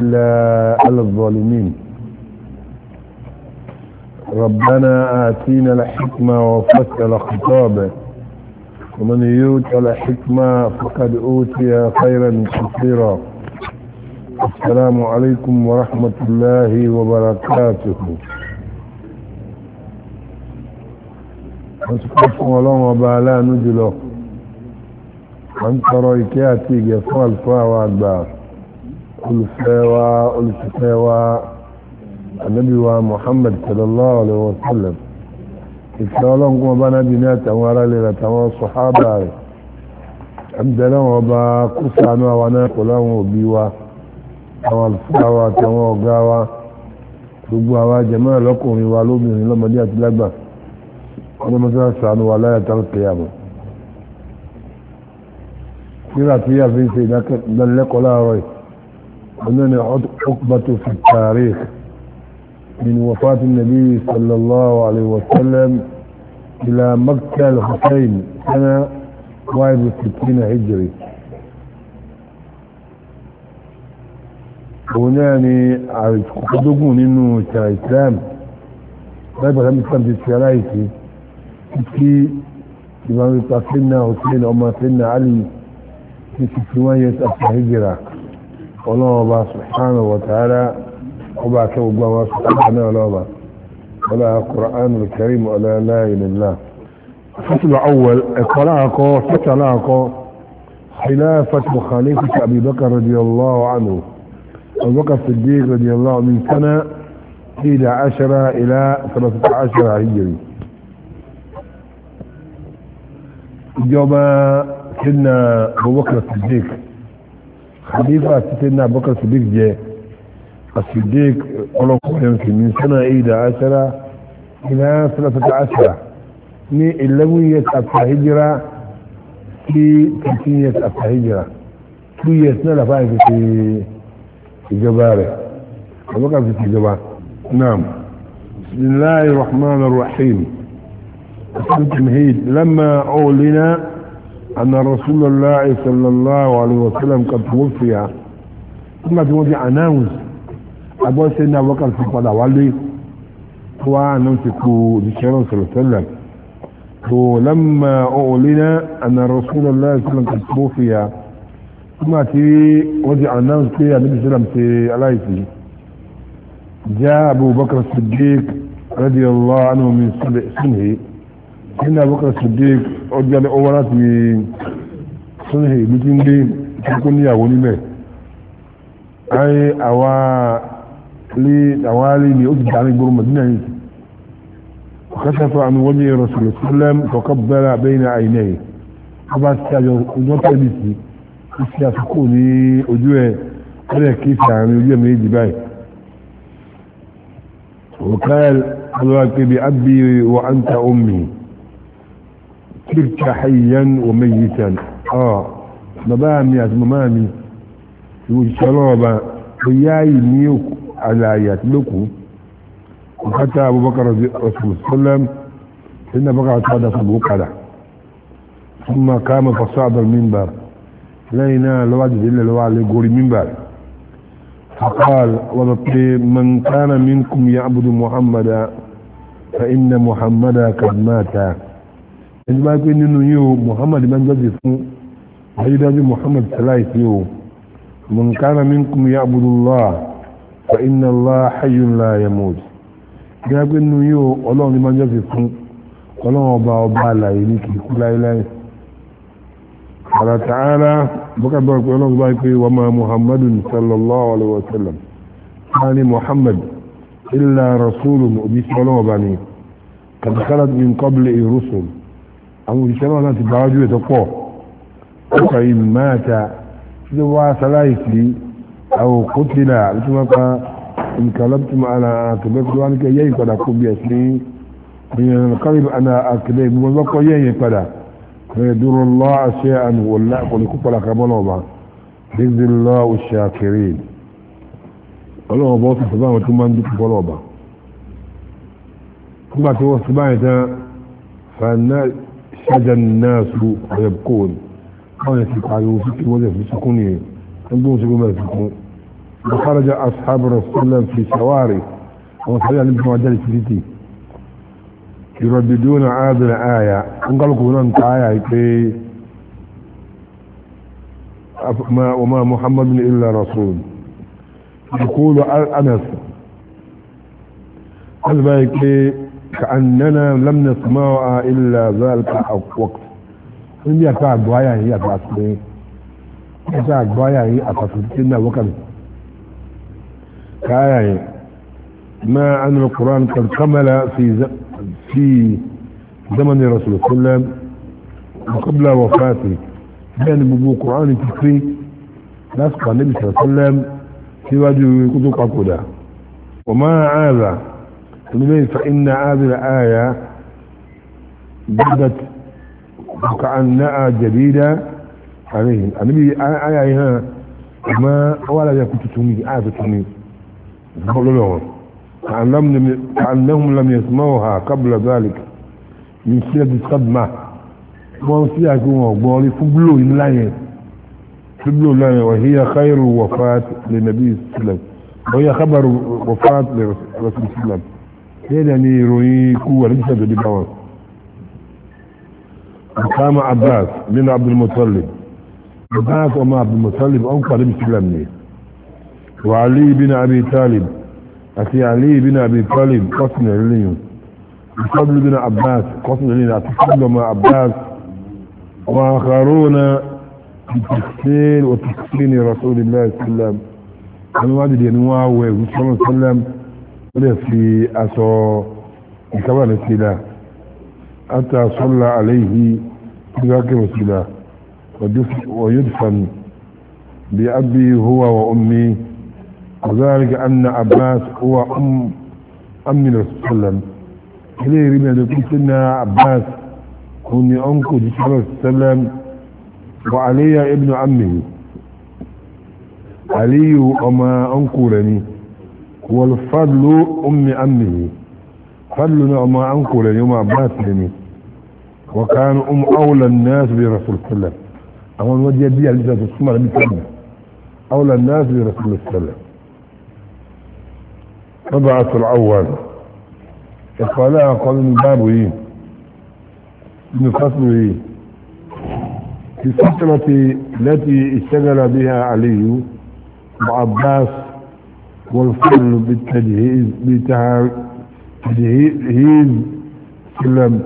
إلا على الظالمين ربنا آتينا الحكمة وفصل خطابه ومن يوت الحكمة فقد أوتي خيرا كثيرا السلام عليكم ورحمة الله وبركاته وسبحانه ولهم وبعلا نجله أنت رأيكاتي قفال فاوى أكبر olùfẹ́ wa olùfẹ́ wa ànábì wa Muhammad sallallahu alaihi wa sallam ìfẹ́ ọlọ́run kún ọba nábì ní àtàwọn ará lè rà táwọn sọ̀hábà rẹ̀ àbẹ̀rẹ̀ wọn ọba kó sànú àwa náà pẹ̀lú àwọn òbí wa àwọn àlùfáà wa àtàwọn ọ̀gá wa gbogbo àwa jẹ̀mọ́ ẹ̀lọ́kùnrin wa lóbìnrin lọ́mọdé àti lágbà ọmọ mọ́tò wa láyà أنني عقبة في التاريخ من وفاة النبي صلى الله عليه وسلم إلى مكة الحسين سنة 61 هجري هناني عقدوكم إنه إسلام بابا لم إسلام في الشرايسي في إمام سيدنا حسين أو سيدنا علي في سواية الهجرة ولوبا سبحانه وتعالى وبعك وقوة سبحانه ولوبا ولا قرآن الكريم ولا لا إلا الله فتل أول اقرأك فتلاك خلافة مخالفة أبي بكر رضي الله عنه أبي بكر الصديق رضي الله عنه من سنة إلى عشرة إلى ثلاثة عشرة هجري جوبا سنة أبي بكر الصديق خليفه سيدنا ابو بكر الصديق جاء الصديق قال من سنه ايدا عشرة الى ثلاثة عشرة من اللوية ابقى هجرة في تلتينية ابقى هجرة كل سنة لفاية في الجبارة ابقى في الجبارة نعم بسم الله الرحمن الرحيم سنة مهيد لما اولنا أن رسول الله صلى الله عليه وسلم قد توفي ثم توفي أناوس أبو سيدنا بكر في قضاء والي هو أنونسكو لشيرون صلى الله عليه وسلم ولما أعلن أن رسول الله صلى الله عليه وسلم قد توفي ثم في وضع أناوس في النبي صلى الله عليه وسلم جاء أبو بكر الصديق رضي الله عنه من سبع سنه nínú abúkà sadiq ọjọ́ ọwọ́ láti sunhe ìlú tí ń gbé kíkún níyàwó níbẹ̀ ayé àwa lé àwọn alé ni ó ti dáná gbóró madina yìí kọ́sẹ̀ fún àmì wọ́n yẹ rọ̀sùlù sílẹ̀m kọ̀kọ́ bẹ́rẹ̀ abẹ́yìn àìní yìí ó bá ti àjọ ọjọ́ tẹ̀lé sí ó ti àsìkò ní ojú ẹ̀ ó lè kí sàárín ojú ẹ̀ méjì báyìí وقال الله كبي أبي وأنت أمي تبقى حيا وميتا اه ما مبامي يا مبامي وشلوبا وياي ميوك على ايات لكو وحتى ابو بكر رضي الله صلى الله عليه وسلم ان بقى صادت في قرة ثم قام فصعد المنبر لا ينال الوجه الا على قول المنبر فقال وضطي من كان منكم يعبد محمدا فان محمدا قد مات ẹni bá gbé nínú yíò muhammad bá gbẹ́gbẹ́ fún ayédájú muhammad aláìsí o man kana minkum ya'budu Allah fa inna Allah hayyun la yamut bí a gbé nínú yíò ọlọ́run ní bá fún ọlọ́run ọba ọba àlàyé ní kìí kú láíláí ala ta'ala bọ́kàbọ̀ pé ọlọ́run bá pé wa ma muhammadun sallallahu alaihi wa sallam sani muhammad illa rasulun òbí sọlọ́wọ́ bá ní min qabli rusul àwọn òṣìṣẹ́ náà náà ti gbáwájú ètò pọ̀ ọkọ̀ yìí mẹ́ta ló wá sáláì sí àwọn òkú tìlà tó máa pa nǹkan lọ́pùtùmọ̀ àlà àkẹ́bẹ́ tó wá ní kẹ́ yẹ́ ìpadà kó bí ẹ̀sìn ìyẹn kárìb àná àkẹ́bẹ́ gbogbo lọ́kọ́ yẹ́ ìyẹn padà kẹ́rẹ́ dúró lọ́ àṣẹ àmì wọlé àkọlù kó padà kábọ́ náà bá dídí lọ́ òṣè àkèrè ọlọ́wọ́ bọ́ sọ̀tọ̀ báwọn tó máa ń dúpọ̀ náà bá nígbà tí wọ́n sọ báyìí tán فاحتاج الناس ويبكون قال تعالى وفيك وجه في سكوني عندهم سكون سكون وخرج اصحاب الرسول صلى الله عليه وسلم في سواري وصلي على ابن عجل سيدي يرددون هذه الآية انقلوا كونان آية كي ما وما محمد إلا رسول يقول أنس قال بايك كأننا لم نسمع إلا ذلك الوقت إن يتاع دوايا هي تأسلي يتاع دوايا هي أتأسلي إنا وكان ما أن القرآن قد كمل في في زمن الله صلى الله عليه وسلم وقبل وفاته بين بقول القرآن الكفري ناس قال النبي صلى الله عليه وسلم في وادي كتب وما هذا منين فإن هذه الآية بدت وكأنها جديدة عليهم النبي آية هنا ما ولا يكنت تسمي آية تسمي قولوا لهم كأنهم لم يسمعوها قبل ذلك من سيرة الصدمة وان sí àgbọn ọ̀gbọ́n rí fún búlò ńláyẹ fún búlò ńláyẹ wà híyà khairu wafat lè nàbí islam wọ́n yà kábàrù wafat lè bẹ́ẹ̀ ni ìròyìn ikú wà nígbà tó dìbà wọn kama abbas bin abdulmutallib abbas ọmọ abdulmutallib ọ̀n pàdé bisílám ni wà alí bin abi talib àti alí bin abi talib kọ́sìnà lẹ́yìn ìfọ́dúlù bin abbas kọ́sìnà lẹ́yìn àti fọ́dúlù ọmọ abbas وآخرون بالتفسير وتكفين رسول الله صلى الله عليه وسلم أنا ما أدري أنواع وصلى الله عليه وسلم wọ́n lè fi aṣọ ìkábà ní sílá àti àṣọ́lá àléhì tí wọ́n kí wọ́n sílá ويدفن بأبي هو وأمي وذلك أن عباس هو أم أمي رسول الله صلى الله عليه وسلم إليه رمي دكتور سنة عباس هني أنكو صلى الله عليه وسلم وعلي ابن عمه علي وما أنكو لني والفضل أم أمه فضل نعم أنكر يوم عباس لني وكان أم أولى الناس برسول الله أما نودي بي على جزاز السمر بكلمة أولى الناس برسول الله فبعث العوال إخوالا قال من باب إيه من فصله إيه في فترة التي اشتغل بها علي وعباس والفضل بالتجهيز بتجهيز سلم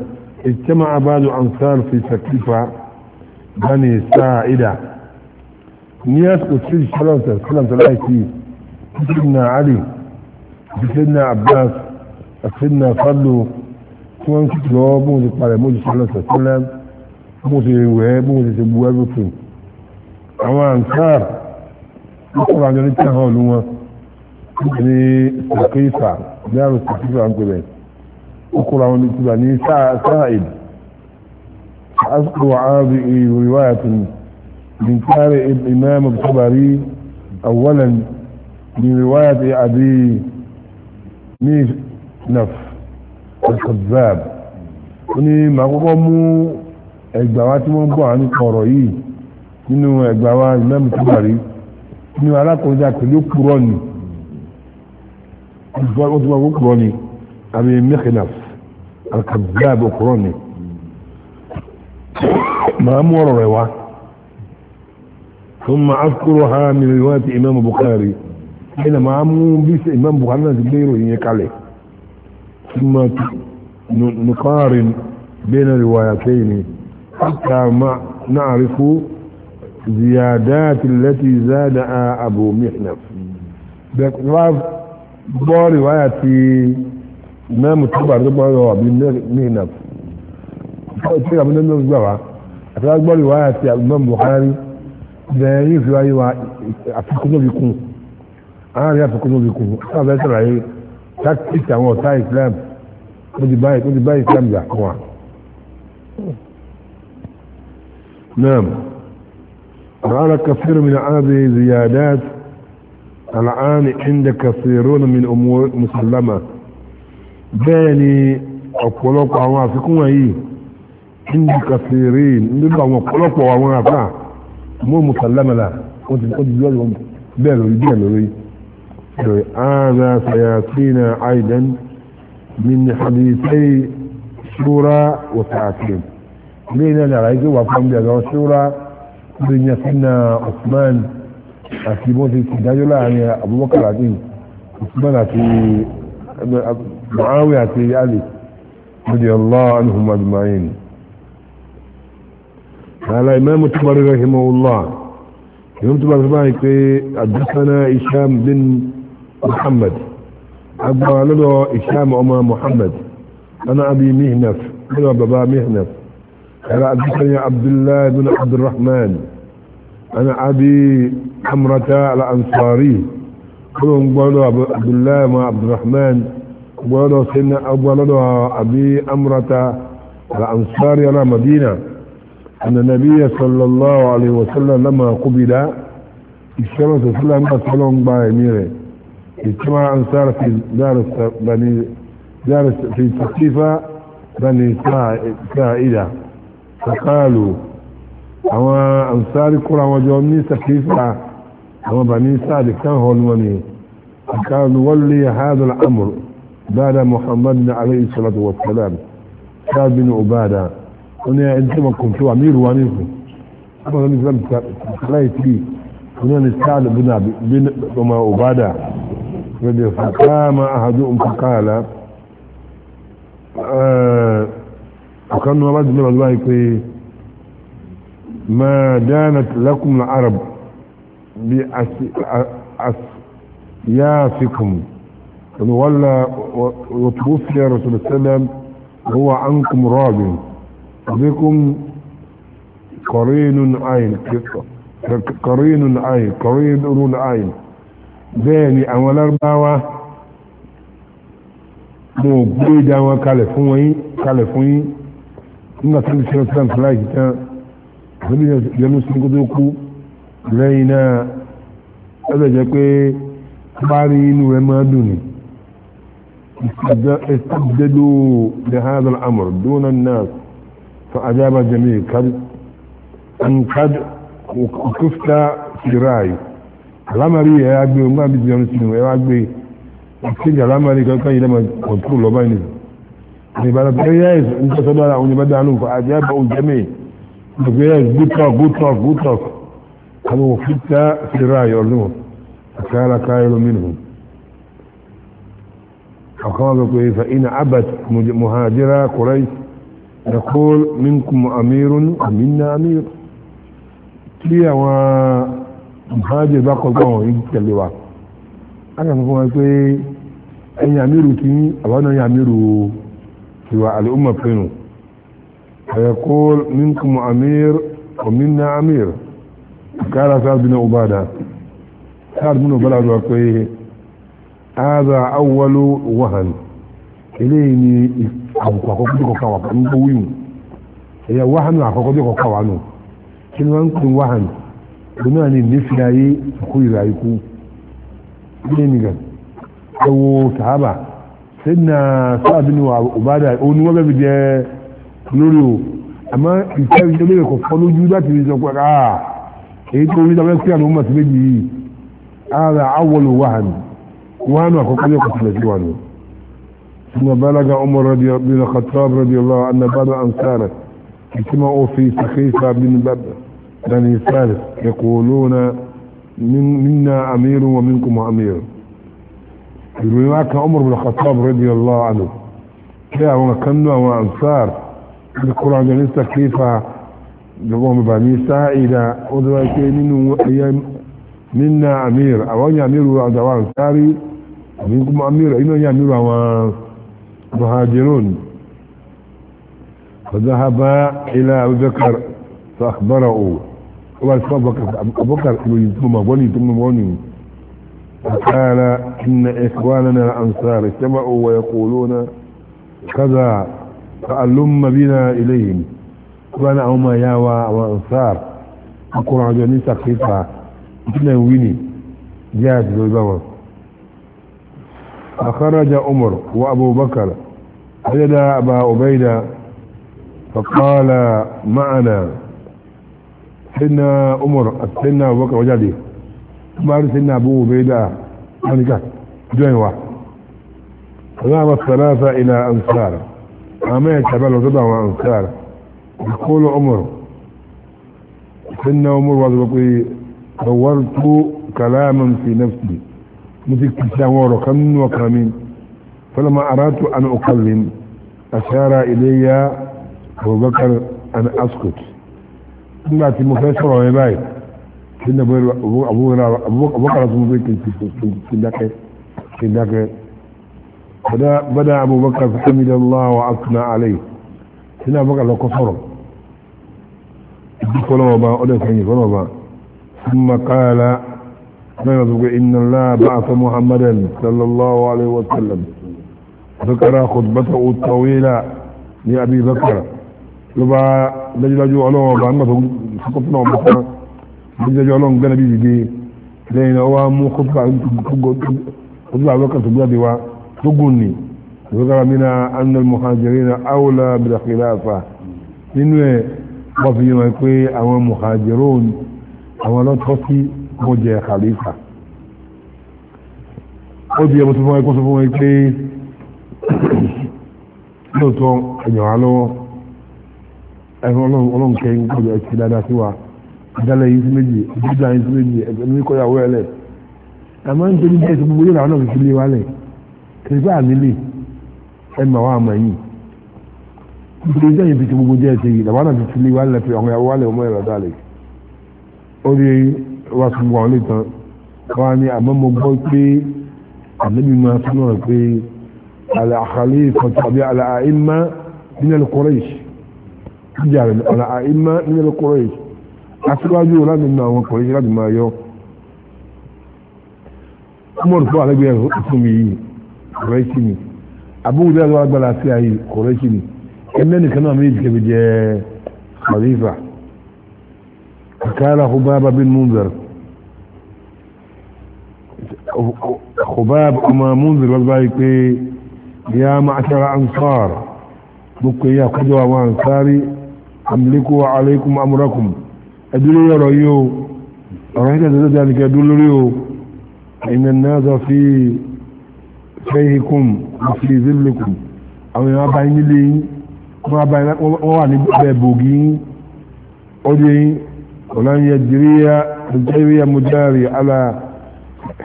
اجتمع بعض أنصار في سكيفة بني سائدة نياس قتل شلوتة سلم تلاقي سيدنا علي سيدنا عباس سيدنا فضل wọ́n ti lọ bóun ti parẹ̀ bóun ti sọlọ sọ̀tẹ́lẹ̀ bóun ti wẹ̀ bóun ti ti bu everything ní ìkífà dáàrù ìkífà ń pè bẹ̀ ọkùnrin àwọn ìtura ní sáàìd asùkò ààrẹ ìrìwáyàtún من قارئ الإمام الطبري أولا من رواية أبي ميش نف الكذاب وني ما قومو ẹgbàwá tí wọ́n bọ̀ àní kọ̀rọ̀ yìí nínú ẹgbàwá Imam Tabari nínú alákòójá pẹ̀lú kúrọ̀ nìí عثمان قراني أبي مخلف الكذاب قراني ما أمور روا ثم أذكرها من رواية إمام بخاري حين ما أمور بيس إمام بخاري تبيره إنيك عليه ثم نقارن بين روايتين حتى ما نعرف زيادات التي زادها أبو محنف بكراف gbọ́ rìwáyà ti mẹ́mù tó bàrẹ̀ tó gbọ́ rọ àbí mìíràn tí àbí mẹ́mù gbà wá àti wá gbọ́ rìwáyà ti mẹ́mù Buhari bẹ̀rẹ̀ yìí fi wáyé wa àfikún lóbi kún àárín àfikún lóbi kún sábẹ́ sàlàyé tactics àwọn ọ̀tá Islam ó ti báyìí Islam yà fún wa. نعم وعلى كثير من هذه زيادات الآن عندك كثيرون من أمور مسلمة بيني أقولك عوافقون أي عندك كثيرين عندك أقولك وعوافقون مو مسلمة لا قلت لهم بينوا بينوا هذا سيأتينا أيضا من حديثي سورة وتعاكيم لينا نرأيك وفهم بأنه شورى بن يسنا عثمان àti bọ́n ti ìdájọ́ láàrin Abubakar àti Usman àti Muawiya àti Ali radiyallahu anhum ajma'in قال إمام الطبري رحمه الله إمام الطبري رحمه الله حدثنا هشام بن محمد أبا لدو هشام أما محمد أنا أبي مهنف أنا بابا مهنف قال حدثني عبد الله بن عبد الرحمن أنا أبي حمرة الأنصاري كلهم قالوا عبد الله ما عبد الرحمن قالوا سيدنا قالوا أبي حمرة الأنصاري على مدينة أن النبي صلى الله عليه وسلم لما قبل اشترى صلى الله عليه وسلم اجتمع الانصار في دار بني دار في سقيفة بني ساعدة فقالوا àwọn ansari kóra wọn jọ ní sakifa àwọn bani sáàdì kan hàn wọn ni àkàlù wọlé hadal amur bada muhammad na alayhi salatu wa salam sáàbì ní ubada wọn ni ẹni tí wọn kò tó àmì ìrùwá ní fún àwọn ọmọ islam sàlàyé tí wọn ni ما دانت لكم العرب بأسيافكم ولا وتوفي رسول الله هو عنكم راض بكم قرين عين قرين عين قرين عين bẹ́ẹ̀ni àwọn lárúbáwá mo gbé ìdá wọn kalẹ̀ تنسي yín nígbà àbí yẹnu sí kó tó kú lẹ́yìn náà ẹbẹ̀ jẹ́ pé bá rí inú rẹ̀ máa dùn ní ìsàdẹ́dò lẹ́hàdà àmọ̀rọ̀ dúnà náà fún ajábà jẹ́mi kàdì òkúfta síráyì alámàrí ẹ̀ agbé ogbà bí yẹnu sí ẹ̀ agbé ìkéjì alámàrí kankan yìí lẹ́mà kọ̀tún lọ́bàá ní ìbára pẹ̀lú ẹ̀yà ìsọ̀dọ̀ àwọn ìbádàánù fún ajábà jẹ́mi yes, good talk, good talk, good talk. Kama wafitta sirai ọlọ́wọ́, akala kayan minhum. Akawa ga kuwa fa ina abad muhajira Quraysh نقول منكم amirun ومنا أمير tí àwọn mùsùlùmí bá kọjá wọn yìí tẹ̀lé wa a kàn fún a pé ẹ̀yin àmírù tí àwọn náà yẹn àmírù فيقول منكم أمير ومنا أمير قال سعد بن عبادة سعد بن بلد وقيه هذا أول وهن إليني أبوك أخوك كواب أنبوين هي وهن أخوك كواب كلمة أنكم وهن بناني نفلاي أخوي رايكو إليني قال أو صحابة سيدنا سعد بن عبادة أنه بجي lórí o àmọ́ ìfẹ́ ìjọba ìkọ̀ fọ́ lójú láti rí sọ pé àà èyí tó rí dábẹ́ sí àwọn ọmọ sí méjì yìí ara awọlò wàhánu wàhánu àkọ́kọ́ ní ọkọ̀ sílẹ̀ sí wàhánu. ثم بلغ عمر رضي الله بن الخطاب رضي الله أن بعض أنصاره اجتمعوا في سخيفة بن بني سالس يقولون من منا أمير ومنكم أمير ìròyìn wá kan ọmọ ìbùdó kọtọ́ọ̀bù rẹ́dí ọlọ́ àná kí àwọn kan náà àwọn ansar القرآن جنس تكليفة لقوم بني سائدة ودوائك منه أيام منا أمير أو أن يأمير دوار ساري منكم أمير إنه يأمير مهاجرون فذهب إلى أبو بكر فأخبره قال أبو بكر ثم غني ثم غني فقال إن إخواننا الأنصار اجتمعوا ويقولون كذا فألم بنا إليهم كان أوما ياوى وأنصار أقول عجوني تقريبا كنا ويني جاءت بالبوض فخرج عمر وأبو بكر وجد أبا عبيدة فقال معنا سيدنا عمر سيدنا أبو بكر وجده قال سيدنا أبو عبيدة أنا كات جوين واحد فذهب الثلاثة إلى أنصاره عامية تعبان وضبع مع أنصار يقول عمر سنة عمر وضبقي دورت كلاما في نفسي مثل تشاور كم وكمين فلما أردت أن أكلم أشار إلي أبو بكر أن أسكت ثم أتي مفاشرة ويباي سنة أبو بكر أبو بكر أبو بكر أبو بكر بدأ أبو بكر فحمد الله وأثنى عليه هنا بكر لو كفر فلوبا ثم قال إن الله بعث محمدا صلى الله عليه وسلم ذكر خطبته الطويلة لأبي بكر لبا لجلجو علوه بأنه سقطنا ومسنا لجلجو لهم بأنه بيجي لأنه هو مو خطبة خطبة بكر سبيا تقولني وذكر منها أن المهاجرين أولى بالخلافة إنه وفي يمكوي أو المهاجرون أو لا تخصي موجه خليفة قد يمسفون يكون سفون يكي lóòótọ́ ẹ̀yàn wá lọ́wọ́ ẹ̀rọ ọlọ́run kẹyìn kọjọ ẹ̀kí dáadáa sí wa ìdálẹ̀ yìí sí méjì ìdíjà yìí sí méjì ẹ̀gbẹ́ mi kọ́yàwó ẹ̀lẹ̀ àmọ́ nítorí bẹ́ẹ̀ sọ gbogbo yóò rà ọ́nà fi fi lé wa lẹ̀ kìrìgbà àlélè ẹ mà wá àmà yìí nítorí ìjọ yìí fi ti gbogbo jẹ́ ẹ̀sẹ̀ yìí làwọn àti tilé wàlẹ̀ fi ọ̀hún ẹ̀wọ́ wàlẹ̀ ọmọ ẹ̀rọ dálẹ̀ ó rí wá sí wọn lè tán wọn ni àmọ́ mo gbọ́ pé àlébi máa tún náà pé àlẹ́ àkàlẹ́ ìfọ̀tà àbí àlẹ́ àìmá nílẹ̀ kọ́rẹ́ẹ̀sì ìjà rẹ̀ àlẹ́ àìmá nílẹ̀ kọ́rẹ́ẹ̀sì aṣíwájú láti nínú àwọn kọ̀ọ̀rẹ́ láti máa yọ ọmọdé fún àlẹ́gbẹ̀ẹ́ fún mi yìí kọ̀rẹ́sì ni abúlé àlọ́ agbára sí ayé kọ̀rẹ́sì ni ẹ̀mẹ́ nìkan náà méjì kẹ́bi jẹ́ khalifa kàkàrà Khubaba bin Mundhir Khubaba ọmọ Mundhir wọ́n báyìí pé ya ma'ashara ansar gbogbo ya kọjọ àwọn ansari amliku wa alaikum amurakum ẹdúró yọrọ yóò ọ̀rọ̀ ẹ̀kẹ́ tẹ́tẹ́ tẹ́tẹ́ nìkẹ́ dúró lórí o ìmẹ̀ náà sọ fi fẹ́yìnkùn àfi zílìkùn àwọn èèyàn bá yín nílé yín wọ́n wà níbẹ̀ bògì yín ọdún yín ọ̀làn yẹjìríyà nàìjíríà mujari ala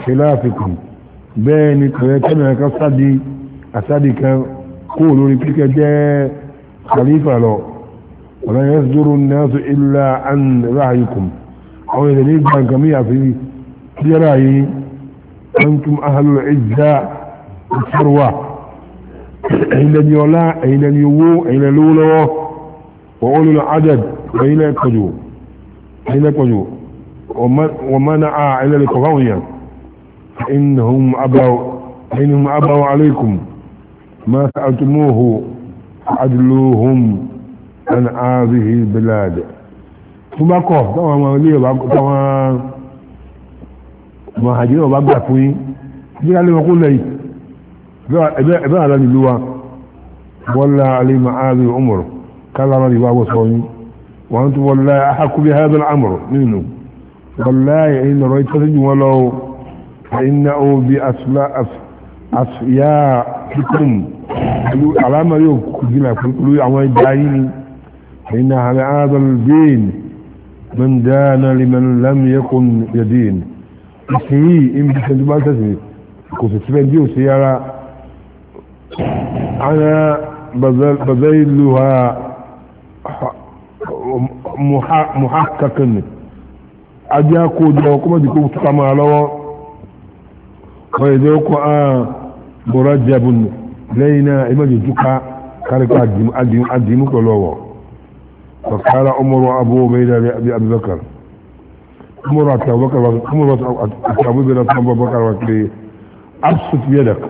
khilafikum bẹ́ẹ̀ ni kọ̀rẹ́ kẹ́mẹ̀rẹ́ kan sádi àsádi kan kó lórí pípẹ́ jẹ́ khalifa lọ ọ̀làn yẹn zoro nẹ́sù ilà an ráyìkùn àwọn èèyàn ní gbàǹkàmí àfi yẹ́ra yín antum ahlul izza ìfúruwà ẹ̀yin lẹ́ni ọlá ẹ̀yin lẹ́ni owó ẹ̀yin lẹ́ni lówó lọ́wọ́ wọ́n ó lọ́nà adad ẹ̀yin lẹ́ni pọ̀jù ẹ̀yin lẹ́ni pọ̀jù wọ́n mọ́nà á ẹ̀yin lẹ́ni kọ̀ọ̀kan wọ̀nyẹn innahum abaw innahum abaw alaykum ma sa'altumuhu adluhum an hadhihi albilad tó bá kọ̀ táwọn ọmọ ilé ọba táwọn mọ̀hàjẹ́ ọba gbà fún yín bí alẹ́ wọn kó lẹ́yìn ẹ̀bẹ́ àlá nílùú wa wọ́lá alẹ́mà áàbí ọmọrọ̀ kálára ní wá wọ́sọ yín wọ́n tún wọ́lá ahákúbí hábẹ́lá àmọ̀rọ̀ nínú wọ́lá ẹ̀yìn lọ́rọ̀ ìtọ́sí jù wọ́n lọ ẹ̀yìnà òbí àṣìyá kíkùn pẹ̀lú alámàrí òkú jìnà pẹ̀lú àwọn من دان لمن لم يكن يدين ìsìn yìí ń bí sẹ́ńtúbá sẹ́sìn أنا بذيلها محقق أجي أكو جوكما جيكو تقام على ويدوكو آه مرجب لينا إما جيكوكا كارك أجيم أجيم كلوه فقال عمر أبو بيدا لأبي بكر عمر أتابكر عمر أتابكر أبو بكر وكي أبسط يدك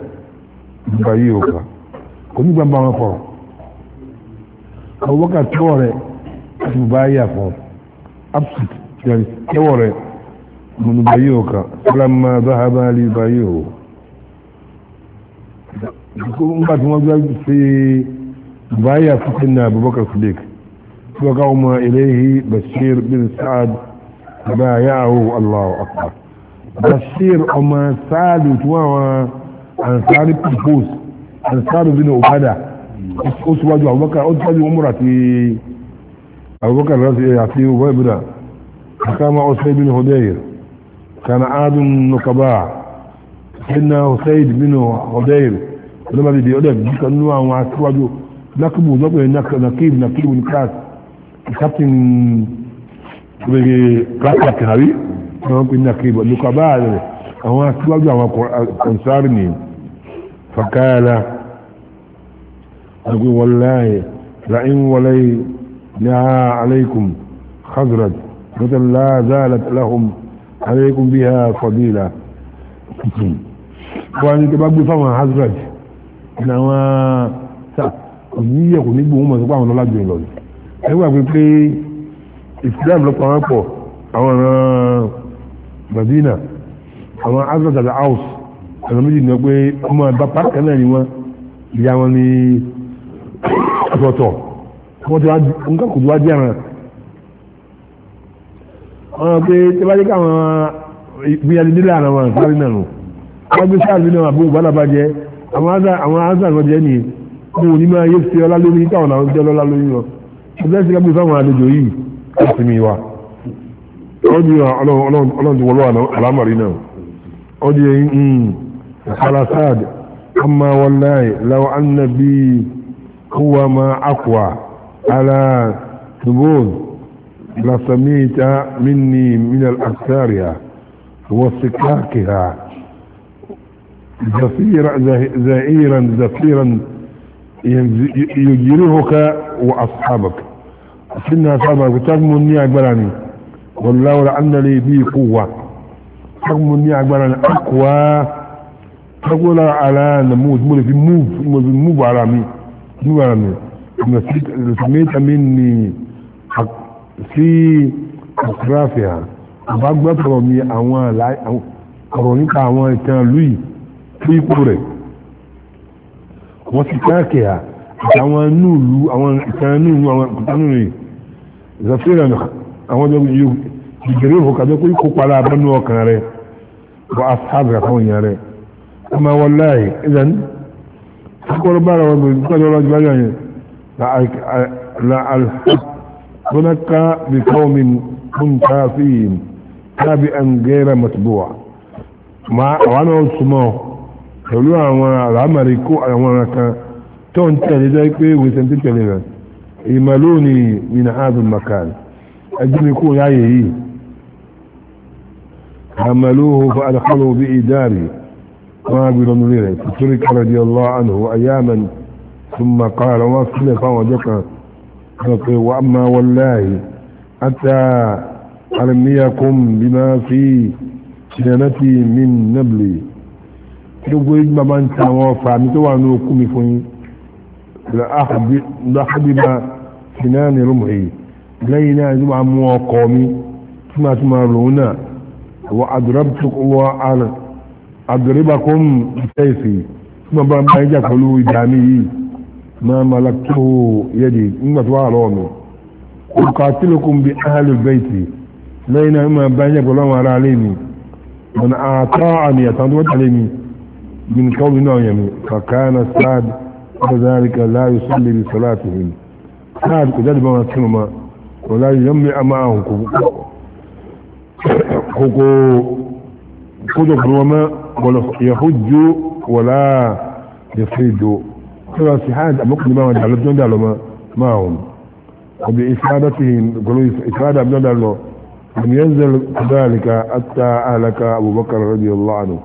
nípa yìí ò kà onígbàmbà wọn kọ̀ àwọn wákàtí tọ́wọ̀ rẹ̀ àti bùbá yà fún absent yàrá tọ́wọ̀ rẹ̀ mo nípa yìí ò kà fúlàmà báhábà lè bá yìí ò. nígbà tí wọ́n gbá ṣe bùbá yà fún sẹ́nà Abubakar Siddiq tí wọ́n káwọn mọ eléyìí Bashir bin Saad bàbá yà áwò Allahu akbar Bashir ọmọ Saadu tí wọ́n wọn ansari propose ansari bin obada ó síwájú abubakar ó síwájú umar àti abubakar láti àti ubay buda akama ọsẹ bin hudayr kana adun nukaba sinna hussein bin hudayr lọ́ba dìde ọdẹ bíkà nínú àwọn aṣíwájú nakibu lọ́pẹ̀ nakib nakibu ní class captain gbẹ̀gẹ̀ class captain àrí wọ́n pe nakibu nukaba rẹ̀ àwọn aṣíwájú àwọn ansari nìyẹn فقال أقول والله لئن ولي دعا عليكم خزرج مثل لا زالت لهم عليكم بها فضيلة wọ́n ní bá gbé fáwọn hazard ní àwọn yíyẹ̀kù nígbò wọn mọ̀ sí pé ìlọ yìí ẹgbẹ́ àgbẹ̀ pé islam lọ́pọ̀ àwọn àwọn ọ̀ràn madina àwọn hazard àti àwọn méjì ní pé ọmọ ẹ̀bá pàkẹ́ náà ni wọ́n ìyá wọn ní ọ̀tọ̀ọ̀tọ̀ wọ́n ti wá nǹkan kò tó wá jẹ́ àrùn àwọn pé tí wọ́n bá jẹ́ káwọn ìgbìyànjú nílẹ̀ àrùn wọn sáré náà nù wọ́n gbé sáàlì náà àbúrò bá jẹ́ àwọn azan lọ jẹ́ ni mo ní máa yé fi ọlá lórí táwọn àwọn jẹ́ lọ́lá lórí lọ ẹgbẹ́ sí lábúrò fáwọn àlejò yìí láti mi wá ọdún ọlọ́run ti wọlọ́ àlámọ̀rí náà ọdún yẹn قال ساد أما والله لو أن بي هو ما أقوى على ثبوت لسميت مني من الأكثارها وصكاكها زفيرا زائرا زفيرا يجرهك وأصحابك سنة أصحابك تغمني أكبراني والله لأن لي بي قوة تغمني أكبراني أقوى gbogbo lára ara na mood mo lè fi move mo lè fi move ara mi move ara mi mo lè fi mẹ́ta mi ní sí àkúráfíà bá gbọ́tọ̀rọ̀ mi àwọn ọ̀rọ̀ nípa àwọn ìtàn lùí tí ipò rẹ̀ wọ́n ti káàkiri àtàwọn núùlù àwọn ìtàn núùlù àwọn ìtàn rẹ̀ zafira àwọn ọjọ́ ìgbèrè ìfọ̀kàjọ́ pé kó para abẹ́nú ọkàn rẹ̀ wọ́n á àtàwọn èèyàn rẹ̀ أما والله إذا أقول بارا وقال الله جبال لا الحق بقوم كنت فيهم تابعا غير متبوع ما وانا اسمه pẹ̀lú àwọn àlámàrí kó àwọn akan tó ń tẹ̀lé jẹ́ pé wùsẹ̀ tí tẹ̀lé rẹ̀ ìmọ̀ lónìí nínú ààbùn makari ẹgbẹ́mi kó yáyẹ̀ yìí àmàlóhùn fún adàkọ́lù bí ìdárì قابل منيره فترك رضي الله عنه أياما ثم قال وصل فوجك وأما والله أتى أرميكم بما في سنتي من نبلي gbogbo ìgbà máa ń ta àwọn ọfà mi tó wà ní okú mi fún yín láàbíbá sinani rúmọ yìí lẹ́yìn náà ni máa mú ọkọ mi tí máa tún àgbẹ̀rẹ́bàkún ìtẹ́ẹ̀sì tí wọ́n bá ń bá ń jà pẹ̀lú ìdàmí yìí máa ma lakító yẹ́dì nígbà tó wà lọ́wọ́ mi òkà tí ló kún bí áhàlù bẹ́ẹ̀tì lẹ́yìn náà máa bá ń jà pẹ̀lú àwọn ará alẹ́ mi mọ̀nà àtọ́ àmì àtàwọn tó wọ́n mi bí nǹkan omi náà yẹn mi kàkánà sáàd ọ̀dọ́dárìkà láàyè sọ́lẹ̀ bí sọ́lá àtìhìn sáàd kò jáde ma kò láyé yọ́n mi àmà àhùn فوجب وما ولا يحج ولا يصيد هذا سحاد ممكن ما وجع لبنان دالو ما ما هم وبإفادته قالوا إفادة ابن دالو لم ينزل ذلك حتى أهلك أبو بكر رضي الله عنه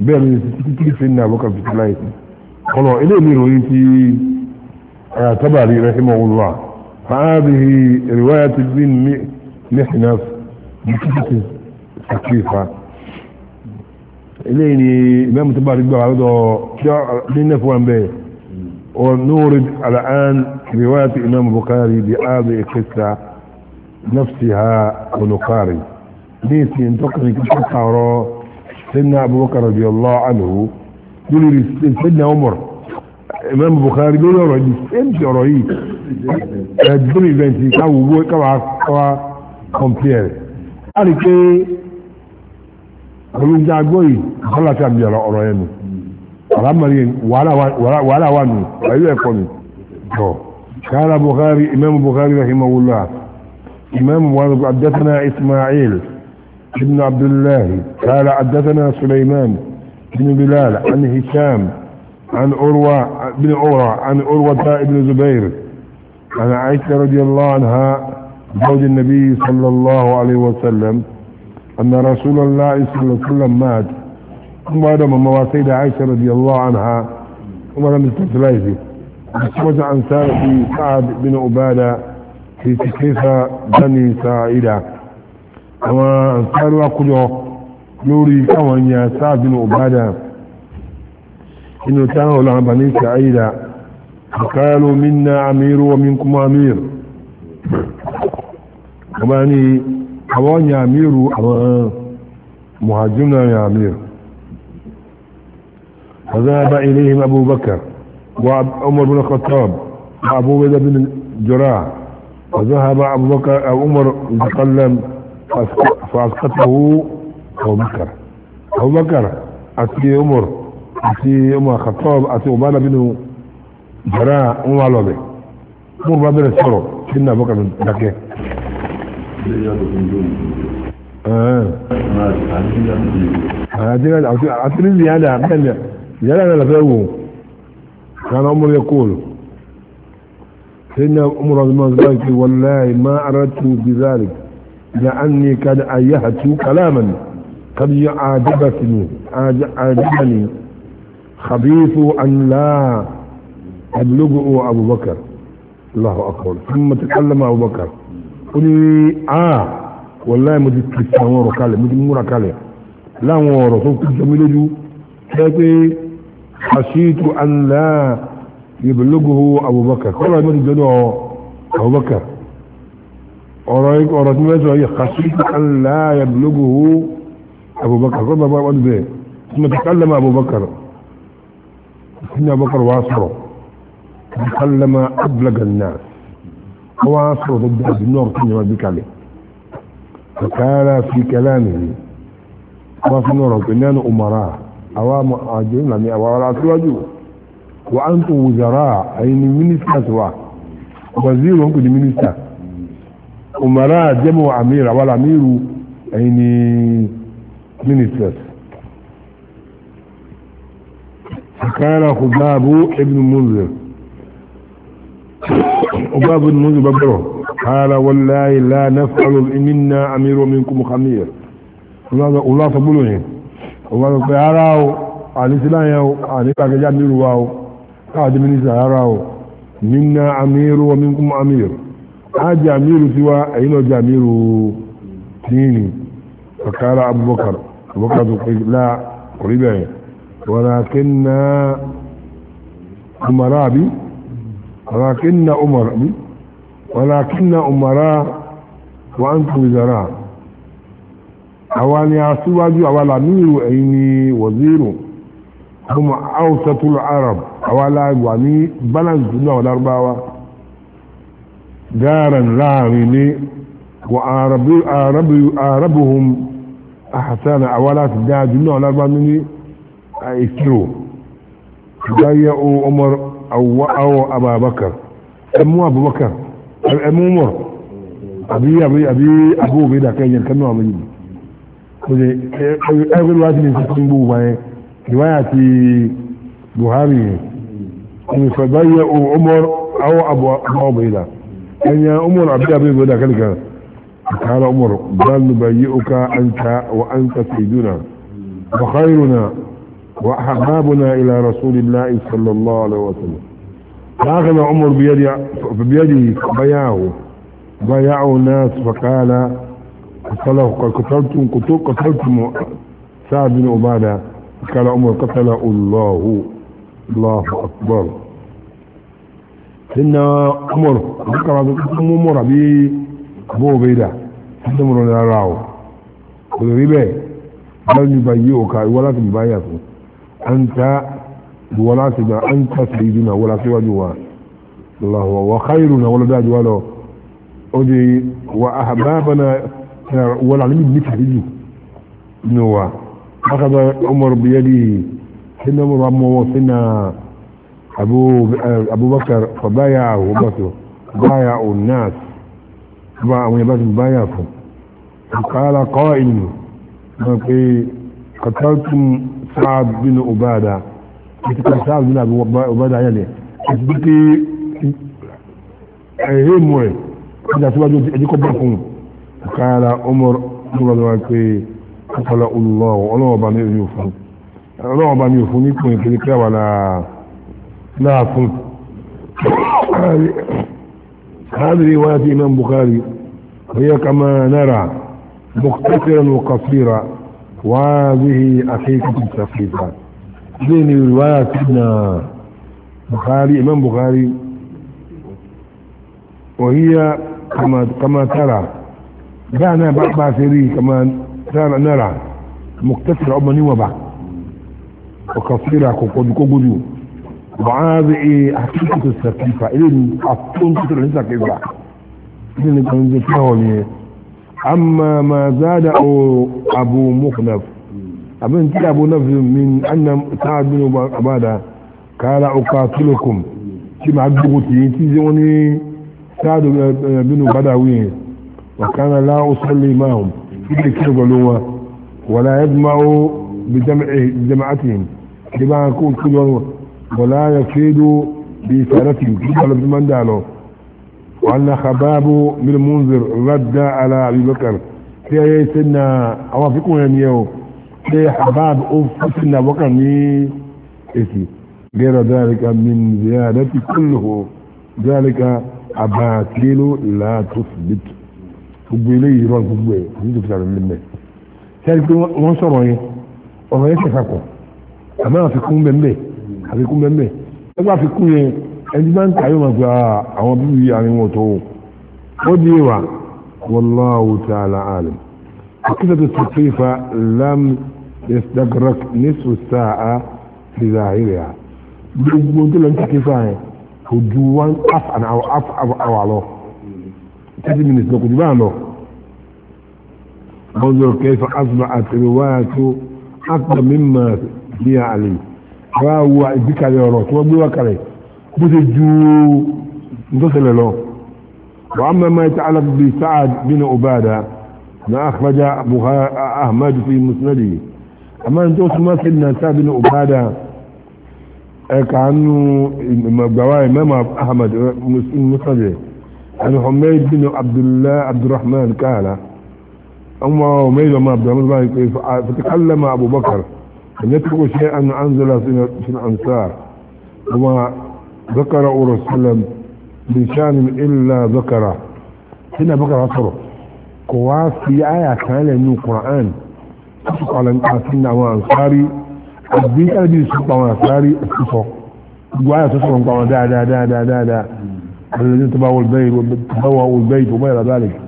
بل سنة أبو بكر في ثلاثة قالوا إليه من رويتي آه، تبالي رحمه الله فهذه رواية ابن محنف بكتبة سكيفة eléyìí ni imam tó bá rí gbà lọ́dọ̀ nínú fún àmbẹ̀ ونورد الآن رواية إمام بخاري بهذه القصة نفسها ونقاري نيسي انتقني كتقارا سيدنا أبو بكر رضي الله عنه يقول سيدنا عمر إمام بخاري يقول رجل سيدنا رأي يدري بنتي كاو بوي كوا كوا كومبير قال كي àwọn ìjà agbó yìí kọ́lá tí a bí ọ̀rọ̀ ẹnu alámọ̀rí wàhálà wà nù ayé ẹ̀kọ́ mi jọ kára Bukhari imam Bukhari rahimahullah imam Bukhari addatana Ismail ibn Abdullah kára addatana Suleiman ibn Bilal an Hisham عن أروى بن أورى عن أروى بن زبير عن عائشة رضي الله عنها زوج النبي صلى الله عليه وسلم أن رسول الله صلى الله عليه وسلم مات ثم أدم مواسيد عائشة رضي الله عنها ثم لم يستطلعه وجع عن في سعد بن عبادة في تكيف بني سعيدة أما أنسان وقل يوري كوانيا سعد بن عبادة إنه كان أولا بني سعيدة فقالوا منا أمير ومنكم أمير وماني àwọn يامير mírù مهاجمنا muhajjúna فذهب إليهم أبو بكر وعمر بن الخطاب وأبو بيد بن الجراح فذهب أبو بكر أو عمر يتكلم فأسقطه أبو بكر أبو بكر أتي عمر أتي عمر الخطاب أتي عمر بن جراح عمر لبي عمر بن الشرب كنا بكر من ذكي àti ní ìyáda àbẹ́lẹ̀ ìyáda يا lọ́fẹ́ wò kánà ọmọ rẹ̀ سيدنا عمر ما الخطاب والله ما أردت بذلك لأني قد أيهت كلاما قد عاجبتني اعجبني خبيث أن لا أبلغه أبو بكر الله أكبر ثم تكلم أبو بكر ó ní ah wàláì mo ti pèsè àwọn ọ̀rọ̀ kalẹ̀ mo ti múra kalẹ̀ láwọn ọ̀rọ̀ tó kú jọmí lójú ṣe pé àṣìtú ànlá ìbìlógó Abubakar kọ́lá mo ti jọ́dọ̀ Abubakar ọ̀rọ̀ ọ̀rọ̀ tí wọ́n sọ yìí àṣìtú ànlá ìbìlógó Abubakar kọ́lá bá wọ́n bẹ̀rẹ̀ tí mo ti kálẹ̀ mọ́ Abubakar ìsinmi Abubakar wá sọ̀rọ̀ kálẹ̀ mọ́ abúlagan náà wọ́n sọ̀rọ̀ tó gbáàdì náà tó yẹwà bí kalẹ̀ ọ̀kára fi kẹlẹ́ni wọ́n fi náà rọ̀pẹ̀ nẹ́nu umara àwọn àjò ìlànà àwọn ará síwájú wọ́n á ń tó wùzàrá àyìn ní mínísítà tó wà wàzí wọn kò ní mínísítà umara jẹ́mọ̀ àmìrà wà lámìrù àyìn ní mínísítà ọ̀kára kò gbáàbó ibn munzir وباب المنذ ببره قال والله لا نفعل منا أمير منكم خمير الله فبلوه الله فبلوه عليه السلام يو عليه باك جاء أمير واو قاعد من سهراو منا أمير ومنكم أمير أجا أمير سوى أين جاء أمير ديني فقال أبو بكر أبو بكر لا قريبا ولكننا أمرابي ولكن أمر ولكن أمراء وأنتم وزراء أواني أسواجي أولا مير أيني وزير هم أوسط العرب أولا أواني بلنس نوع الأرباوة دارا لامني وأعرب أعرب أعربهم أحسان أولا تداد نوع الأرباوة مني أكثروا ضيقوا أمر awo ababakar ẹmu abubakar ẹmu mọ àbí àbí àbí àbí òbí dàkẹ́ ẹ̀yẹ kẹ́nu àwọn yìí kòtè ẹgbẹ́rún wá sí ní sísun gbogbo wáyé ìwáyà ti buhari yìí ìfọ̀dá yẹ umar awo abu ìlà ẹ̀yẹ umar àbí àbí òbí dàkẹ́ nìkan kàrà umar bá lùbà yìí ó ká an ta wa an ta sí ìdúnà وأحبابنا إلى رسول الله صلى الله عليه وسلم فأخذ عمر بيده بيده بياه الناس فقال قتله قتلتم قتل قتلتم سعد بن عبادة قال عمر قتله الله الله أكبر إن عمر ذكر عمر بي أبو بيدا عمر لا راو قل ربي بل نبيئك ولا تبيئك أنت ولا سيدنا أنت سيدنا ولا سوى جوا الله وخيرنا ولا داج ولا أدي وأحبابنا ولا علم مثل نوا أخذ عمر بيده سنة مرام وسنة أبو أبو بكر فبايعه بطه بايعوا الناس بايعوا يبات بايعهم قال قائل قتلتم sáàd bínú ọbáadà àti kan sáàd bínú ọbáadà ayẹlẹ̀ àti bí pé ẹ̀hẹ́ mọ̀ ẹ̀ ọjà síwájú ẹjíkọ́ bọ́ fún ọ̀kára ọmọ ọmọdéwà pé ọ̀pọ̀lọ̀ olùlọ́wọ́ ọlọ́wọ́ba ní òyìn òfin ọlọ́wọ́ba ní òfin nípò هذه رواية الإمام بخاري هي كما نرى مختصرا وقصيرا وهذه أخيكة التفريقات دين رواية سيدنا بخاري إمام بخاري وهي كما كما ترى دعنا بعض سيري كما ترى نرى مكتسر أمني وبع وكثيرة كوكود كوكوديو وهذه حقيقة السقيفة إذن أطلون تسر الإنسان كيف لا كان يجب أما ما زاده أبو مخنف أبن أبو نفس من أن سعد بن عبادة قال أقاتلكم كما عبدوتي تيزوني سعد بن بدوي وكان لا أصلي معهم كل كلمة ولا يجمع بجمع جماعتهم لما يكون كل ولا يكيد بإثارتهم كل من دالو وأن خباب بن منذر رد على أبي بكر في سنة أو فيكم يوم يوم في خباب أوف سنة بكر ني إسي غير ذلك من زيادة كله ذلك أباطيل لا تثبت gbogbo eléyìí rọ gbogbo ẹ ní tó fi sàrò ní mẹ sẹ́ni pé wọ́n sọ̀rọ̀ yẹn ọ̀rọ̀ yẹn ṣẹ̀ṣà pọ̀ àmọ́ àfikún bẹ́ẹ̀ mẹ́ àfikún bẹ́ẹ̀ mẹ́ ẹgbẹ́ àfikún yẹn ẹni bá ń kàyọ́ máa gba àwọn bíbí àárín wọn tó ó di wà wallahu ta'ala alim akíkẹ́ tó sàkífà lam yasdagrak nisfu sa'a ti zahiriya gbogbo tó lọ ń sàkífà yẹn kò ju one half an hour half hour lọ thirty minutes lọ kò ju báà lọ. انظر كيف اصبحت رواية اكثر مما هي عليه وهو ذكر يا رسول الله بده له وأما ما يتعلق بسعد بن عبادة ما أخرج ابو أحمد في مسنده أما ما سيدنا سعد بن عبادة أه، كأنه بواي إمام أحمد أه، مسنده عن حميد بن عبد الله عبد الرحمن قال أما حميد ما عبد الرحمن فتكلم أبو بكر أن يترك شيئا أنزل في الأنصار وما ذكر رسول الله بشان إلا ذكر هنا ذكر أصره كواس في آية كان من القرآن قال على أسنع وأنصاري ابي ابي سبحان وأنصاري أصدق وآية تصرم قوة دا دا دا دا دا دا الذين تباووا البيت وتباووا البيت وما إلى ذلك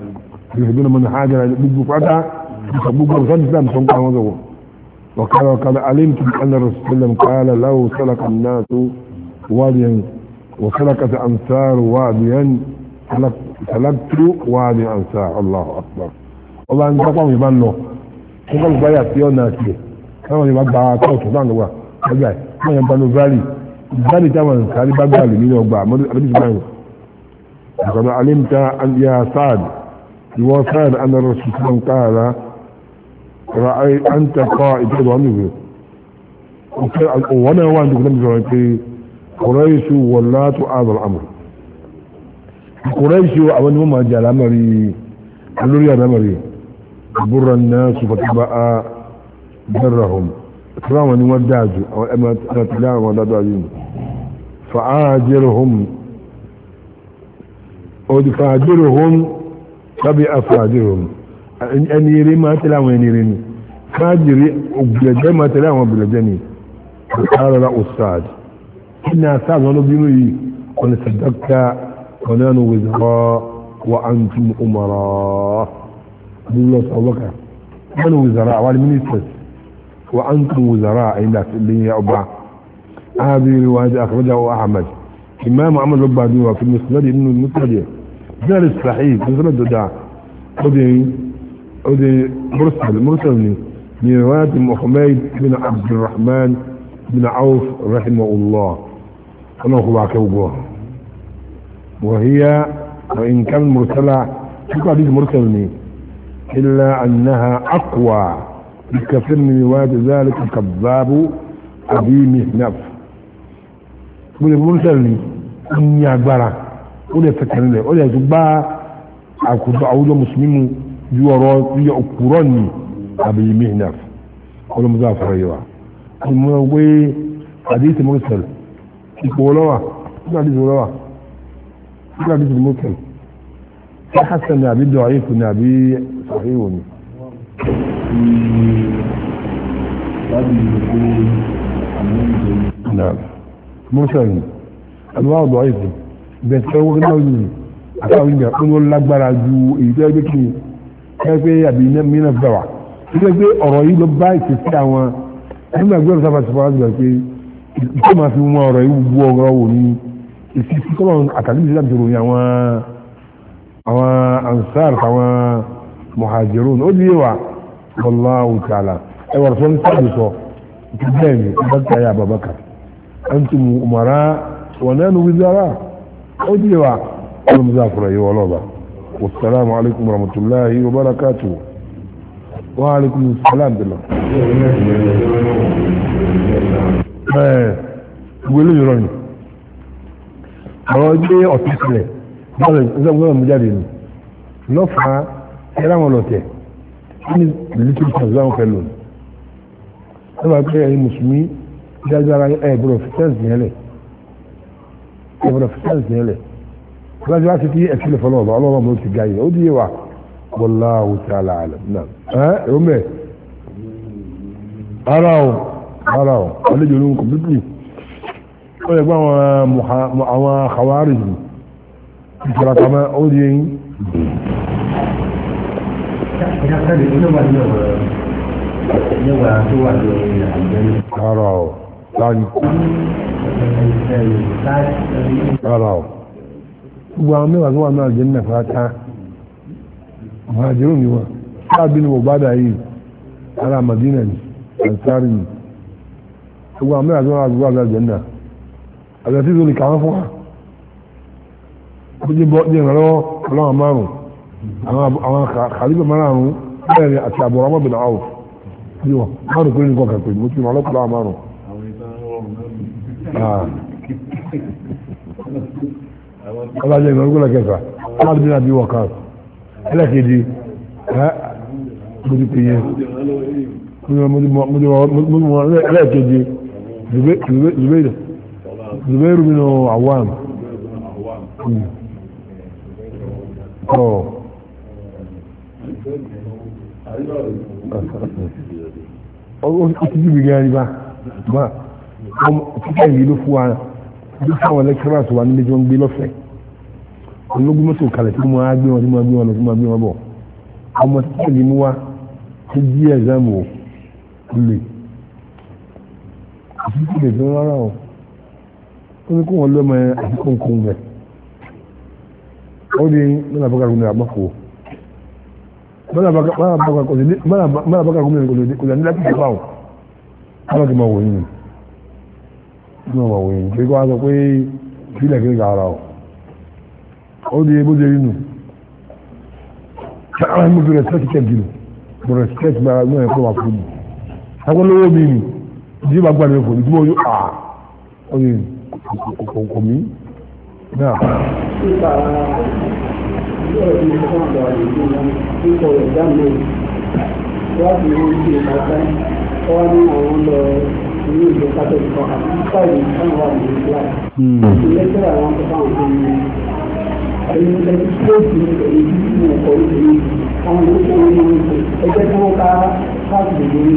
يهدون من حاجة بجوا فتاة يسبوك الخمس لا مسلم قوة وقال علمتم أن الرسول صلى الله عليه وسلم قال لو سلك الناس واديا وسلكت أنصار واديا سلكت وادي أنصار الله أكبر الله أنت قوم يبان له كل بايا تيونا كي كما يبان بها كوت بان له أجاي ما يبان له بالي بالي تمام كاري بان بالي مين أبغى ما أبغى بان لقد علمت أن يا سعد يوصل أن الرسول قال رأي أنت قائد وأنا وأنا وأنا وأنا قريش ولات هذا الأمر قريش وأول ما جاء الأمر قالوا لي الأمر بر الناس فتباء برهم ان وداج أو أما تلاهم وداجين فعاجرهم أو فاجرهم تبع فاجرهم أن يري ما تلاهم يريني فاجري وبلجني ما تلاهم وبلجني قال لا أستاذ إنا سعد ونبيني قل صدقت ونان وزراء وأنتم أمراء أبو الله صدقك من وزراء والمنيسس وأنتم وزراء إلا في اللي هي أبا هذه رواية أخرجه أحمد إمام أحمد ربه في المسند إنه المسند جار الصحيح مسند دا أدي أدي مرسل مرسل من رواية محمد بن عبد الرحمن بن عوف رحمه الله ọlọ́kùn bá kẹ́ gbọ́ وهي وإن كان مرسلة شو حديث مرسلني إلا أنها أقوى بكثير من رواية ذلك الكذاب قديم نفس من مرسلني لي أن يعبر ولا يفتكرن له ولا يزبا أكد أعوذ مسلم يورو يأكرني أبي مهنف ولا مضاف ريوا المنوي حديث مرسل ìpòwọ́lọ́wà nígbàdìsíwọ́lọ́wà nígbàdìsíwọ́lọ́kẹ̀ ṣe hasan ní àbí dọ̀ọ̀yìnkù ní àbí sàhíwò ni. mọ́ṣọ́rì àbúrò dọ̀ọ̀yìnkù bẹ̀ẹ̀ tí wọ́n náà yìí àtàwọn ìgbà pé wọ́n lágbára ju èyí tó ẹgbẹ́ kí ẹ pé àbí mìíràn bẹ̀wà nígbà pé ọ̀rọ̀ yìí ló bá ìṣesí àwọn ẹgbẹ́ gbọ́dọ̀ sábà ti fọwọ́ ìtọ́ máa fi wọn ọ̀rọ̀ ìwú bú ọ̀rọ̀ wò ní èsì tí kọ́lọ̀ àtàlí ìsìlá ti ròyìn àwọn àwọn ansar àwọn muhajirun ó díye wa wallahu ta'ala ẹ wà sọ́n sáàbì sọ ti bẹ́ẹ̀ ni bàkà ya babaka antum umara wa nanu wizara ó díye wa ọlọ́run mi sáfura yìí wọlọ́ba wasalaamu alaykum wa rahmatulahi wa barakatuhu wa alaykum salaam billah. Eh, gbogbo eléyìí rọ ni àwọn gbé ọ̀tún sílẹ̀ bọ́ọ̀lù ìgbésẹ̀ mú jáde ni lọ́fà ẹ̀rọ àwọn ọlọ́tẹ̀ ní little chance láwọn fẹ́ lò ní. wọ́n máa gbé ẹ̀yin mùsùlùmí dájú ara ẹ̀ gbọ́dọ̀ fìtẹ́ǹsì yẹn lẹ̀ ẹ̀ gbọ́dọ̀ fìtẹ́ǹsì yẹn lẹ̀ lájú wá sí kí ẹ̀sìn lè fọlọ́ ọ̀bà ọlọ́run ló ti ga yìí ó díye wa wallahu ta'ala alam náà ẹ̀ ẹ̀ rárá o àlejò ló ń kọ bíbélì ó yẹ pé àwọn àwọn àwárí yìí ìfarakamẹ́ ó di eyín. rárá o láyé rárá o gbogbo àwọn mẹ́wàá tó wà náà jẹ́ nílẹ̀ fata mọ̀hájírò ni wọn sáà bí ni mo bá dà yìí ara Madina ni ansari ni gbogbo àwọn mẹ́rin àti wọn àgbà àjẹ́ náà àjẹ́ tí ìzòlì kàwọn fún wa ó jẹ́ bọ́ ah. jẹ́ ìrànlọ́wọ́ ọlọ́wọ́ márùn àwọn kàlíbẹ̀ márùn mẹ́rin àti àbọ̀ ọmọ bìnà áwò bí wọn márùn pé nǹkan kan pè mú sí ọlọ́pàá márùn. ọlọ́jẹ́ ìrànlọ́wọ́ lẹ́kẹ̀ẹ́fà alábìnrin àbí wọ̀ kan ẹlẹ́kẹ̀ẹ́dì mo ti pè yẹn mo ti mọ̀ ẹlẹ́kẹ̀ẹ́dì zubairu zubairu bin awam ọ̀ ọ̀tí bí gari ba ba ọmọ ìlú ló fún wa bí sáwọn lẹ́kẹ́rà tó wà nílé jọ ń gbé lọ́fẹ̀ẹ́ ológun mọ́tò kalẹ̀ tí mo máa gbé wọn tí mo máa gbé wọn lọ tí mo máa gbé wọn bọ̀ ọmọ tí kò ní mú wa tó jí àfikún lè fún rárá o ó ní kó wọn lọ́mọ àfikún kún bẹ̀ ó ní mọ́nà bọ́kà gómìnà àgbàfọ̀ mọ́nà bọ́kà gómìnà kò lè ní láti fẹ́ báwò wọ́n ti máa wò yín ni máa wò yín pé kó wá sọ pé ìbílẹ̀ kiri gàrà o ó ní bó ṣe rí nù sáà mo fi respect kẹ́kẹ́ jù mo respect máa ń lọ́yẹ̀ fún wa fún mi agbọ́n lówó mi ni ìdí bá gbàdúrà ní tí mo yọ à ah, oye kò mí náà. nípa ìlú ọ̀rọ̀ tí mo fẹ́ fún àwọn àlejò wọn nípa ọ̀rọ̀ wọ́n á fi wọ́n ṣe ìpàdé wọ́n á ní àwọn lọ ilé ìjọ kátólì kan àti fáìlì táwọn wà ní ìlú láì. ìlẹ́sẹ̀ àwọn tó fáwọn tó ní ẹ̀yìn ẹ̀yìn tó ti ẹ̀yìn tí mo kọ̀ ìlú àwọn olóṣèlú ẹgbẹ́ tí wọ́n ká káàkiri lórí.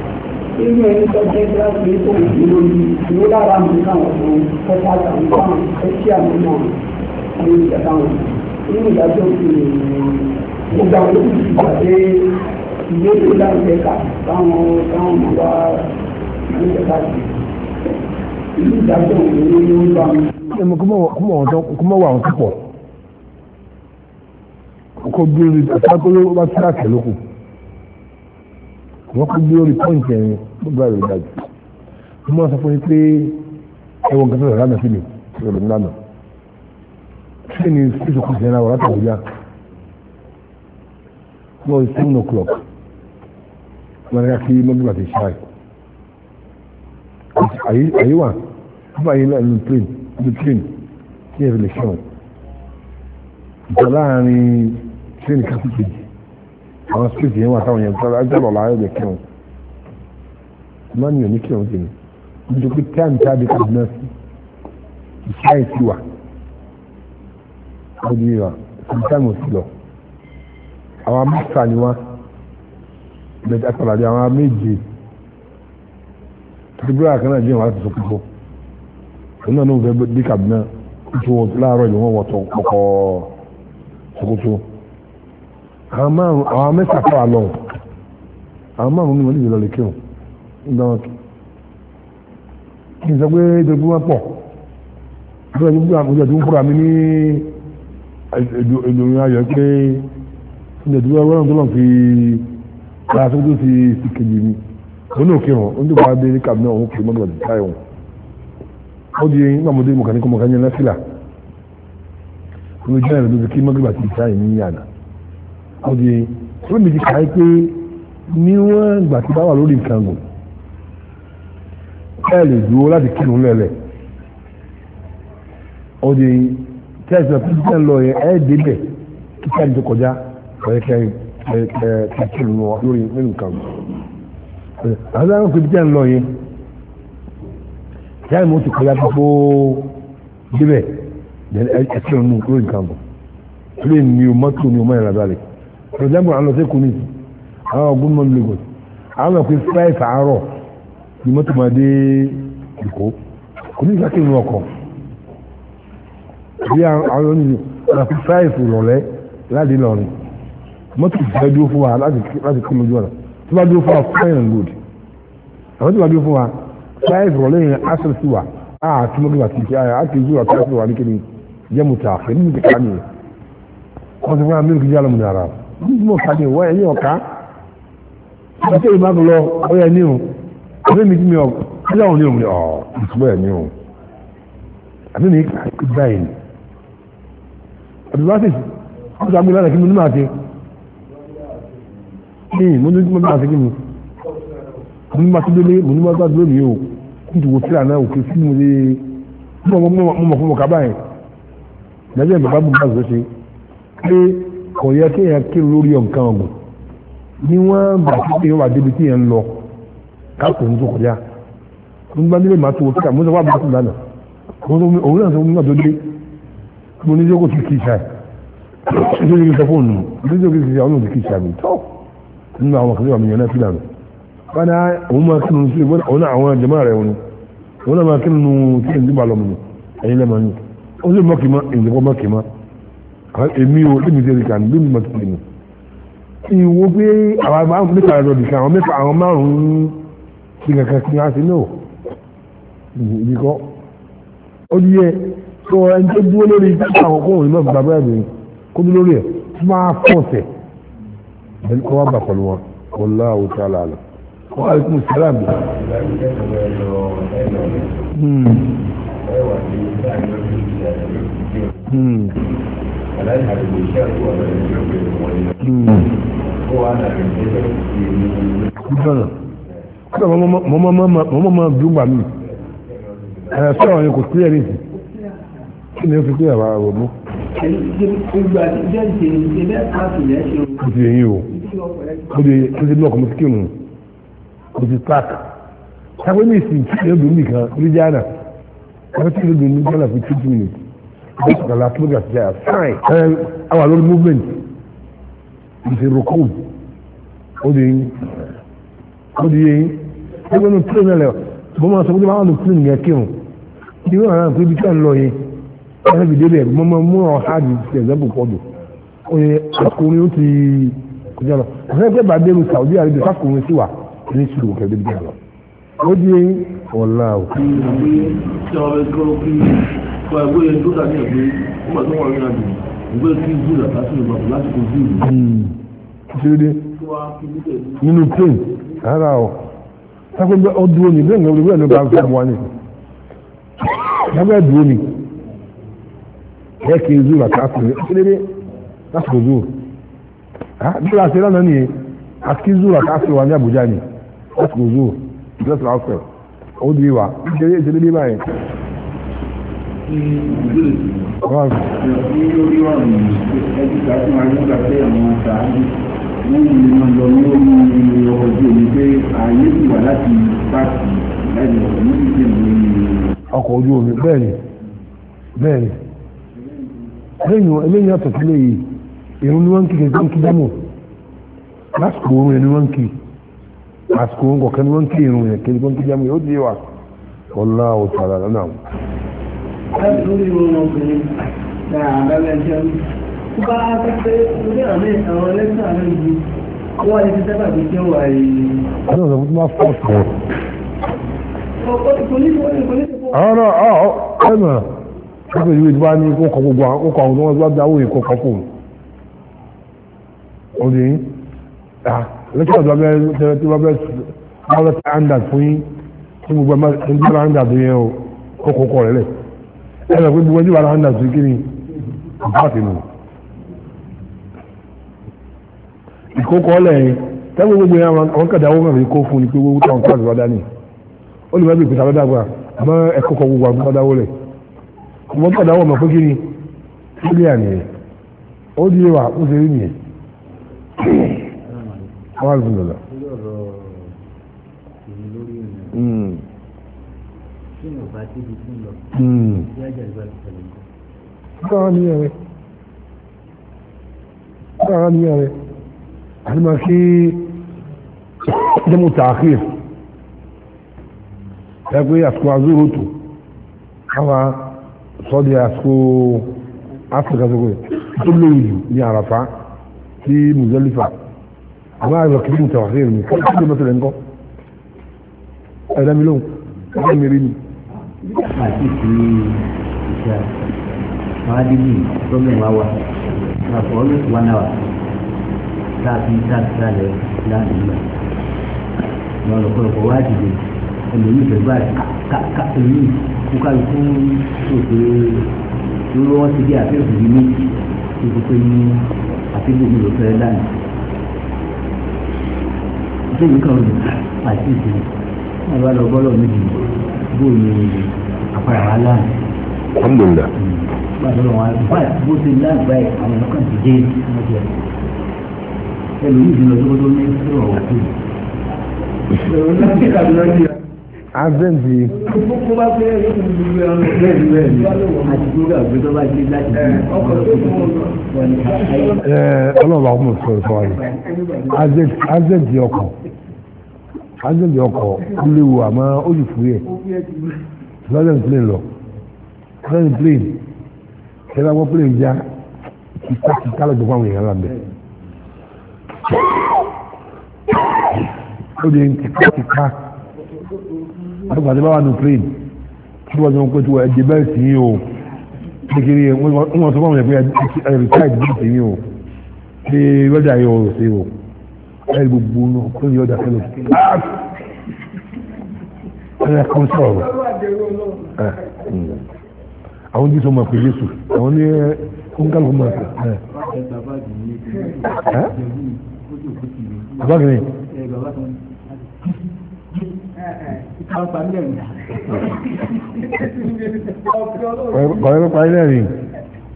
inú ẹni tó jẹ́ gíláàsì tó ń fi lórí ìwé lára mi káwọn fún ọjà àtàwọn káwọn ẹtí àmì ní ìjàdá wọn inú ìdájọ́ fi ó gba olókùn sí ìpàdé ìwé tó láǹfẹ̀ kà táwọn táwọn mọ̀ wá ní ìjàdá sí inú ìdájọ́ òun ní ó bá mi. ẹ̀mọ kúmọ̀ wà ń púpọ̀ kó bí ọ̀sán kó ló bá tíráàkì lókun wọ́n kú bí orí pọ́ǹtì ẹ̀yìn gbogbo àrò ìdájọ́ wọ́n máa sọ fún mi pé ẹwọ́n gẹ́gẹ́ rẹ̀ lánàá sí mi rẹ̀ lánàá ṣé ni ṣíṣe kù jẹ́ra wọ́n látàrí yá wọ́n ti seven o'clock wọ́n rẹ̀ kí mọ́bí bàtí ṣáì àyè wà fún àyè náà ní train ní train kí ẹ fi lè ṣẹ́wọ̀n ìjọ láàrin train kásìkèjì àwọn spirit yẹn wà táwọn yẹn tọ́lá ajálọ̀ láàyè lè kírun mọ́nìyàn ní kírun tèmi nítorí táìmù táàbí kò náà sí ìṣáì sí wa ó di wa ìṣáì mo sì lọ àwọn mẹ́ta ni wọ́n bẹ́ẹ̀ àtàlàdé àwọn méje tìbúrà kan náà jẹ́ wọn àti sọ́kùnkùn òun náà ló ń fẹ́ bí kàbínà kótó láàárọ̀ ìlú wọn wọ̀ tọ́ ọkọ̀ àwọn márùn àwọn mẹ́ta fà á lọ àwọn márùn ní wọn lè lọ lè kírun ìgbà wọn kí n sọ pé ìdògbò wọn pọ̀ bí wọn gbogbo àkójọ tó ń fúra mi ní ìdòrin ayọ̀ pé ìdòdúró ọlọ́run tó lọ fi ara tó tó fi sí kejì mi òun náà kírun ó ń dìbò adé ní kàbínà òun kì í mọ́tò àti táyà òun ó di nígbà mọ́tò mọ̀kànníkọ́ mọ̀kànníkọ́ lẹ́sílà ó ń jẹ́ ẹ̀rọ tó fi kí mọ́gbà àti táyà ní yàrá ọdí wọ́n méjì káyé pé níwọ̀n gbà tí bá wà lórí nǹkan gùn ẹ lè dúró láti kírun lẹ́lẹ̀ ọdí tẹ́sán pípẹ́ lọ yẹn ẹ débẹ̀ kíkà ní tó kọjá ọ̀yẹ́kẹ́ kírun lórí nǹkan gùn àwọn àwọn pípẹ́ lọ yẹn jáì mo ti kọjá gbogbo débẹ̀ ẹ kírun lórí nǹkan gùn lórí ni o mọ́tò ni o mọ́ ìrànlọ́lẹ̀ for example àwọn ọ̀sẹ̀ kùnì àwọn ọ̀gbọ́n mọ́ Lagos àwọn ọ̀pẹ five àárọ̀ ni mọ́tò máa dé Èkó kò ní ìsákè inú ọkọ̀ bí àwọn oníṣẹ́ ọ̀pẹ five rọ̀lẹ́ láti lọ́rin mọ́tò ìfẹ́ dúró fún wa láti kí lójú ọ̀nà tó bá dúró fún wa fine and good àwọn tó bá dúró fún wa five rọ̀lẹ́ yẹn access sí wa a tí mo gbà sí kí a kì í zúra tó wà ní kí jẹ́ mo ta nínú kíkà nìyẹn wọ́n ti fún wa mílíkì jẹ́ mu ní ara rẹ̀ mo kàdé wọ́ ẹ̀yìn ọ̀ká ọjọ́ ìmá lọ ọyẹ ní o ọdún mi mi ọjọ́ òní òní ọ̀ ìtúbọ̀ ẹ̀ ní o àbí mi kà ìgbà yìí ọdúnwásì ọjọ́ agbó lára kí mo ní máa ṣe ní mo ní mo máa ṣe kí mo mo ní máa ṣe délé mo ní máa ṣe délé mi o kí n tó wo síra náà òkè sí mo lè mo mọ̀ fún mo kábàáyé lẹ́yìn bàbá bùbá àzọ́ ṣe pé kò yẹ kí èèyàn kí lórí ọ̀nkan ọ̀gùn ní wọ́n gbà tí èèyàn wà débi tí èèyàn lọ káàpọ̀ ní tó kọjá ń gbá nílé màá tó wọ́n kíkà mọ́tò wà bá sùn lánàá òun náà sọ fún mi náà tó dé mo ní jókòó ti kì í ṣá nítorí kí n sọ fóònù nítorí jókòó ti ṣá òun ti kì í ṣá mi tó nínú àwọn kan tó wà mí yẹn náà fílà mi wọn náà òun máa kí ni ó sì mọ́kì mọ́ èèyàn kọ́ mọ́kì èmi ò lèmi ṣe nìkan lèmi mọ̀ sí mi ìwò pé àwọn mẹ́fà ẹ̀rọ nìkan àwọn mẹ́fà àwọn márùn-ún ti kankan sí láti náà ìdí kọ́ ó di yẹ tó ẹni tó dúró lórí títà àkókò òun náà bàbá ẹ̀mí kó dúró lórí ẹ̀ tó máa fọ̀ọ̀tẹ̀ ẹni kọ́ wá bà pẹ̀lú wọn kò láwù tí a là lọ. wọ́n á Hmm. hmm. فلا يعرف الشرع ولا يعرف هو أنا mọ́mọ́ máa bí ó gbà mí ẹ̀ sọ́rọ̀ yẹn kò clear nìtì kí ni ó fi clear àwọn ọmọ. kò sí èyí o kò sí kò sí lọ́ọ̀kọ̀ mo ti kírun kò sí park sáwé ní ìsìn kí ni dùn mí kan ní jana wọ́n ti ní dùn mí jana for two minutes gbàgbà kílógà ti jà fáìn ẹ àwọn lórí movement nti rukun ó di yín ó di yín ẹgbẹ́ nu plane náà lẹ bọ́ máa sọ pé báwọn nu plane yẹn kírun ní wọn àwọn àpò ibi tí wọn lọ yẹn wọn fi débẹ̀ mọ mọ mú ọ hard example pọ̀ jù ó yẹ akọrin ó ti kọjá lọ ọ̀sẹ̀ pé bàbá mi sàwọ́dí àrẹ́bí kákùnrin sí wa ní sùúrù kẹ́ẹ́dẹ́gbẹ́ lọ ó di ọ̀la o. pa ẹgbẹ́ yẹn tó hmm. nínú pain ara ọ sáfẹ́ bẹ́ ọ dúró ní bẹ́ẹ̀ ní olùwẹ́ bá ń fẹ́ wọn ni sáfẹ́ dúró ní ẹ kì í zú rẹ̀ ká pè é ṣeré láti kò zú rẹ̀ lánàá nìyẹn ká ní ìjọsìn àwọn wa báyìí. wọ́n ní omi ọkọ̀ ojú omi lẹ́yìn yìí irun ni wọ́n ń kí ń kí lásìkò ni wọ́n ń kí kọ̀ọ̀kan ni wọ́n ń kí irun ń kí yóò di wa wọ́n sọ̀rọ̀ lọ́nà láti lórí wọn obìnrin náà àbábẹ́ ẹjọ́ mi tó bá pẹ́ lórí àmì àwọn ẹlẹ́sìn àmì yìí wọ́n wá ní ti sábà tó jẹ́ wà yìí. ọdún ọ̀sán tó bá fọ́ ọ̀sán. àwọn náà ọ̀ ẹ̀ mọ̀ ọ̀sán ìwé ìdíwá ní kó kọ gbogbo àwọn kókò àwọn tó wọ́n ti dáwọ́ ìkó kọ́ fún un. obìnrin lẹ́kọ̀ọ́ tó bá bẹ́ẹ̀ tó bá bẹ́ẹ̀ tó bá bẹ́ẹ̀ ẹ̀rọ pé gbogbo ẹjú ara ń dàtú kí ni ìbáàtì nù ìkókọ ọlẹ̀ tẹ́gbẹ́ gbogbo yẹn àwọn kẹ̀dá owó mẹ́rin kó fún ni pé owó táwọn káàdì wá dání ó lè má bí ìpèsè àlọ́dàgbà àmọ́ ẹ̀kọ́ kọ gbogbo àgbà dáwọ́ lẹ̀ wọ́n kẹ̀dá owó mọ̀ pé kí ni ó lè àná yẹn ó di wà ó ṣe rí nìyẹn wọ́n á lè fún lọ́la kí ni ọba tí ibi tí ń lọ hmm. bí ajá ìgbà ìṣẹ̀lẹ̀ nǹkan. báwa ni ẹ̀rẹ́ báwa ni ẹ̀rẹ́ àti máa kí jẹ́mu tààkìr ẹgbẹ́ àsìkò azúrò tó káwa sọ́dí àsìkò áfíríkà tó gbé tó ní àràfá àti ìsí ìṣe àwọn adébí gómìnà wa wà láàpọ̀ always one hour láàbí sáàsálẹ̀ láàbí mọ́ ní ọ̀lọ́pọ̀lọpọ̀ wá dìde ẹlòmíì pẹ̀lú àkàkà ẹlòmíì kúkàlùkù òkè lórí wọn ti dé àfẹ́fù yìí ní ìdúpẹ́ ní àfẹ́fù mi ló fẹ́ lánàá. ṣé yìí kan rò àti ìsìn náà wà lọ bọ́lọ̀ méjì bó ni àpárá wa lánàá. alhamdulilah. Hmm. báyìí wọn bá bó ti lágbá ẹ àwọn ọkọ ti dé ọjọ́ ẹlòmíì ti lọ sí kótó ní ìṣòro òkú. Azẹ́ǹdì. Kókó un. sọ̀rọ̀ sọ̀rọ̀ yìí. ọkọ̀ kájọ̀bì ọkọ̀ léwu àmọ́ ó sì fúyẹ̀ lọ́dẹ̀ plane lọ lọ́dẹ̀ plane ṣẹlẹ̀ wọ́n plane já kíkà kíkà lọ́dọ̀ fún àwọn èèyàn lábẹ́ ó di kíkà kíkà àti pàdé báwa nù plane tí wọ́n sọ pé tí wọ́n ẹ̀jẹ̀ bẹ́ẹ̀ sí o kékeré wọ́n sọ fún àwọn èèyàn pé ẹ̀rì táìdì bẹ́ẹ̀ sí o ṣé wẹ́dà yóò ṣe o ẹ gbogbo náà kó ní ọjà fẹlẹ ẹ kàn sọ̀rọ̀ àwọn jísọ máa pè Jésù àwọn ní kóńkàlùkù máa pè ẹ. bàbá kìíní. kọ̀ọ̀yọ́ pa ilé rìn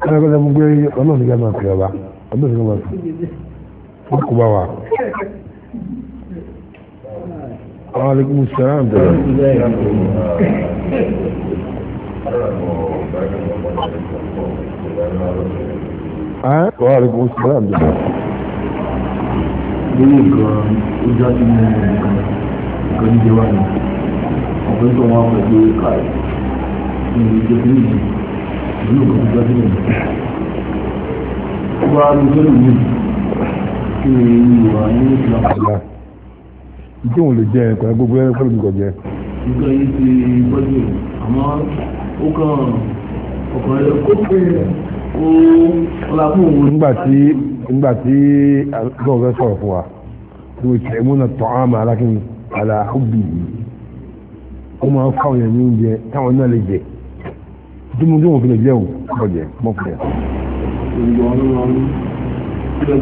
ọ̀nà ìgbàlódé mú gbé ọlọ́run ní ká máa pè ọba ọlọ́run ní ká máa pè kó bá wa. aleykum salaam dara. wa aleykum kan dara. lórí nǹkan ojú àti mú nǹkan nǹkan níjẹ wà ní ọ̀pọ̀ nítorí wọn pẹ̀lú pé ká ìlú ìjọ kìíní yìí ìlú nǹkan ojú àti mú nǹkan. wọ́n á lọ sọ́dọ̀ yìí ìjọ òun lè jẹ ẹ̀kọ́ gbogbo ẹ̀kọ́ ló ti kọ̀ jẹ. ìjọ sọ̀rọ̀ fún wa tí o tẹ̀ múnà tọ́ àmà alákìní aláhùbì ó máa fáwọn yẹn ní oúnjẹ táwọn náà lè jẹ dúmọ́dúnmọ́ fi lè jẹun kọ̀ jẹ mọ́kùnrin. Àwọn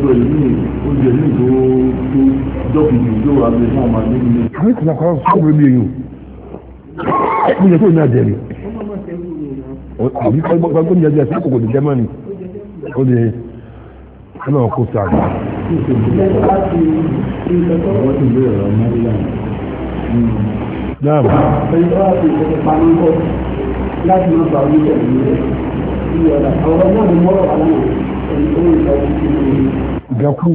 ìkùnà kan sọ́kùnrin bí èyàn. Ẹkùn yẹ tó ní àjẹrì. Àbí kọ́gbọ́n ní àjẹrì àkókò ní Germany. Ó lè ẹnà ọkọ sáà. Náà. Láti máa bá orí tẹ̀lé rẹ̀. Ìyọ̀dà, ọ̀rọ̀ náà ni mọ́rọ̀ wà lánàá. Gẹ̀kú.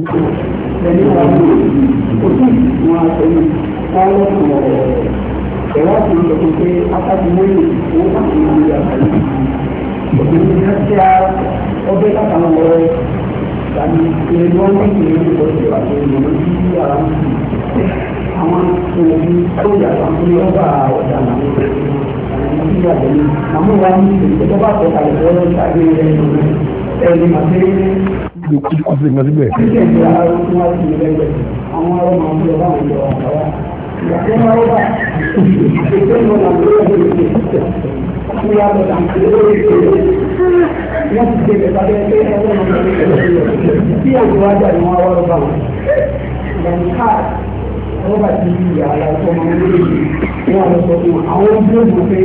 Ọbẹ̀ látàwọn ọ̀rọ̀ tàbí ìrìn wọn ní ìrìn ìgbọ̀nsẹ̀ àti ìrìn tí ara ń fi àwọn òbí tó yàtọ̀ ní ọba ọ̀dà àwọn ìgbàgbọ́ àmúwa ní ìgbẹ́jọba àtọ̀kàlẹ̀ lọ́wọ́ ìgbàgbé rẹ̀ lọ́wọ́ ẹni àti kò sí ìgbà síbẹ̀. Ọba ti di yàrá ọmọ orílẹ̀-èdè ní àwọn ọ̀sọ̀tún àwọn ọmọ orílẹ̀-èdè pé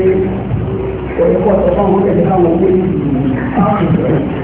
ọ̀yẹ́kọ̀ọ́ sọ fún àwọn ọmọ orílẹ̀-èdè káwọn orílẹ̀-èdè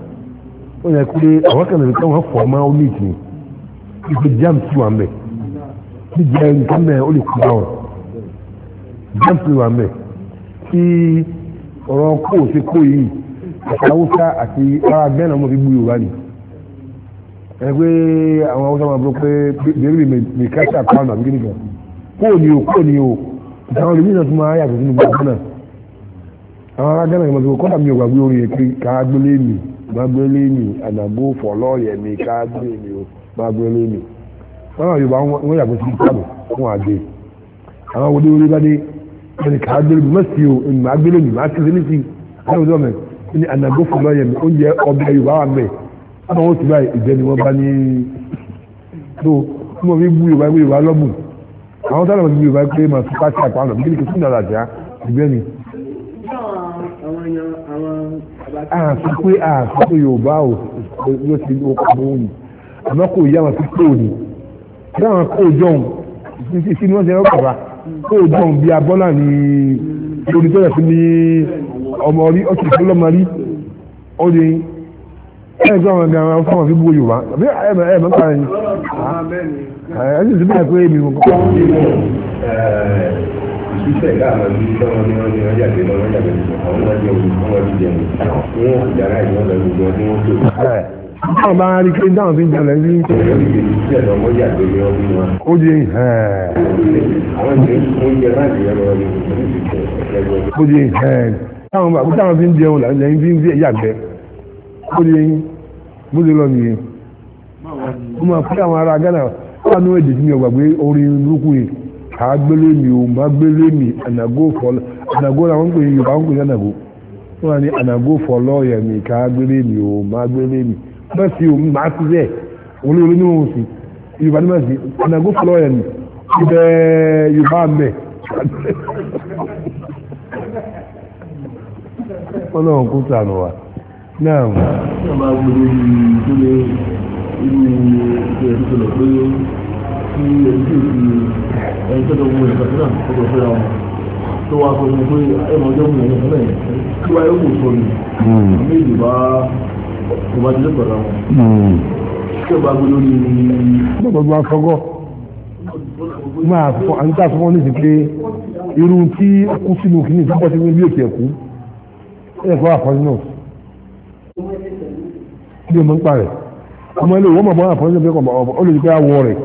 ó yẹ pé àwọn kan lè káwọn fọ ọmọ ó ní ìtìní ìpè jam tí wà mẹ bí jẹ nǹkan mẹ ó lè kú báwọn jam tí wà mẹ tí ọ̀rọ̀ kó o ṣe kó yìí àti haúsá àti ara gbẹ́nà ọmọ fi gbú yorùbá ni ẹ pé àwọn haúsá máa bọ pé bèrè mi kásá pàánù àbí kíníkan kó o ní o kó o ní o ìtàwọn olùmíràn tún máa yàtọ̀ sínú gbàgbọ́nà àwọn ará gbẹ́nà ìmọ̀ magbélé mi ànàgó fọlọ́ọ̀yẹ̀ mi káàgbé mi o magbélé mi wọ́n yóò bá wọ́n yàgò sí ìtàbù fún àdé àwọn wọlé orí bá dé ẹni káàgbé mi má sí o ẹni magbélé mi má sí sí ẹni ọdọ mẹ ẹni ànàgó fọlọ́ọ̀yẹ̀ mi oúnjẹ ọbẹ̀ Yorùbá wà mẹ àmọ́ wọ́n ti bá ìjẹ́ ni wọ́n bá ní tó tí wọ́n fi gbú Yorùbá gbé Yorùbá lọ́mù àwọn sábà gbé Yorùbá pé màá fi pàṣẹ àpá àwọn yan àwọn bàbá. a sọ pé a sọ o ló ti ó kọ bó yìí àmọ́ kò yá wọn sí pé òní bí àwọn kó jọ̀hún sí sí ni wọ́n ti rẹ́ kọ̀ọ̀ra kó jọ̀hún bí abọ́là ní lórí tó yẹ fún ní ọmọ rí ọtí fún lọ́mọ rí ó ní ẹ̀ gbọ́ àwọn gan an fún àwọn fi bú yorùbá àbí ẹ̀ mọ̀ ẹ̀ mọ̀ nípa ẹ̀yìn ẹ̀ ẹ̀ sì sí bẹ́ẹ̀ pé èmi kò kọ́. iṣẹ́ ìdá àwọn ibi tí wọ́n ha gbélé mi o má gbélé mi ànàgó fọlọ ànàgó làwọn ń pè ní yorùbá ń pè ní ànàgó wọn ni ànàgó fọlọ yẹ mi ká gbélé mi o má gbélé mi bá sí o má sí bẹ́ẹ̀ olóore ní òun sí yorùbá ní má sí ànàgó fọlọ yẹ mi ibẹ̀ yorùbá ń bẹ̀ wọn náà kó sànù wa náà. ṣé o máa wọlé ìdílé inú ìgbésẹ̀ tó lọ pé tí fọ àti tá a fọwọ́ nísìnyí pé irú tí kú sínú kìíní sábọ́ sí bí òkè ẹ̀kú ẹ̀kọ́ àfọ́jú náà bí o máa ń parẹ̀ ọmọ ilé ìwọ́n mọ̀ bọ́ àfọ́jú náà bí ọkọ̀ olùdíkẹ́ àwọ̀ rẹ̀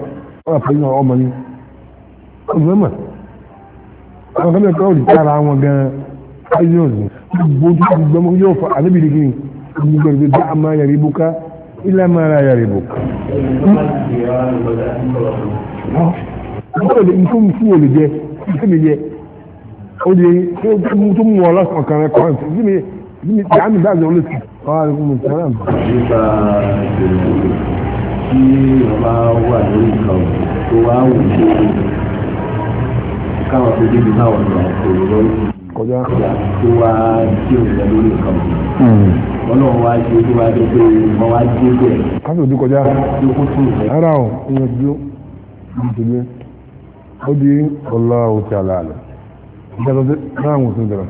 wọ́n fẹ́ yàn ọmọ ni ọgbẹ́mọ̀ àwọn kan mẹ́kọ́ òdì tára wọn gan ayé òní gbogbo ojú gbogbo ọmọ yóò fa àdébìrì kí ni gbogbo ẹgbẹ́ bá a máa yàrá ibú ká ilé a máa ra yàrá ibú. nǹkan mi fún olè jẹ nǹkan mi jẹ o tó mú ọ lọ́sàn kan rẹ kọ́ ẹ̀ mi yàrá mi dáàbò olè sí tí ọba wà lórí kan tó wá wù ní káwọn tó débi táwọn ọ̀nà kòrò lọ́wọ́ kọjá ìyá tó wá tí ò lẹ lórí kan hmm. wọn náà wá ṣe tó wá dé pé wọn wá dé bẹ́ẹ̀. káṣí òdu kọjá ara o ìyẹn dúró nítorí ó di ọlọ́wọ́ tí a lálẹ́ ìjọba náà wò sí ìjọba.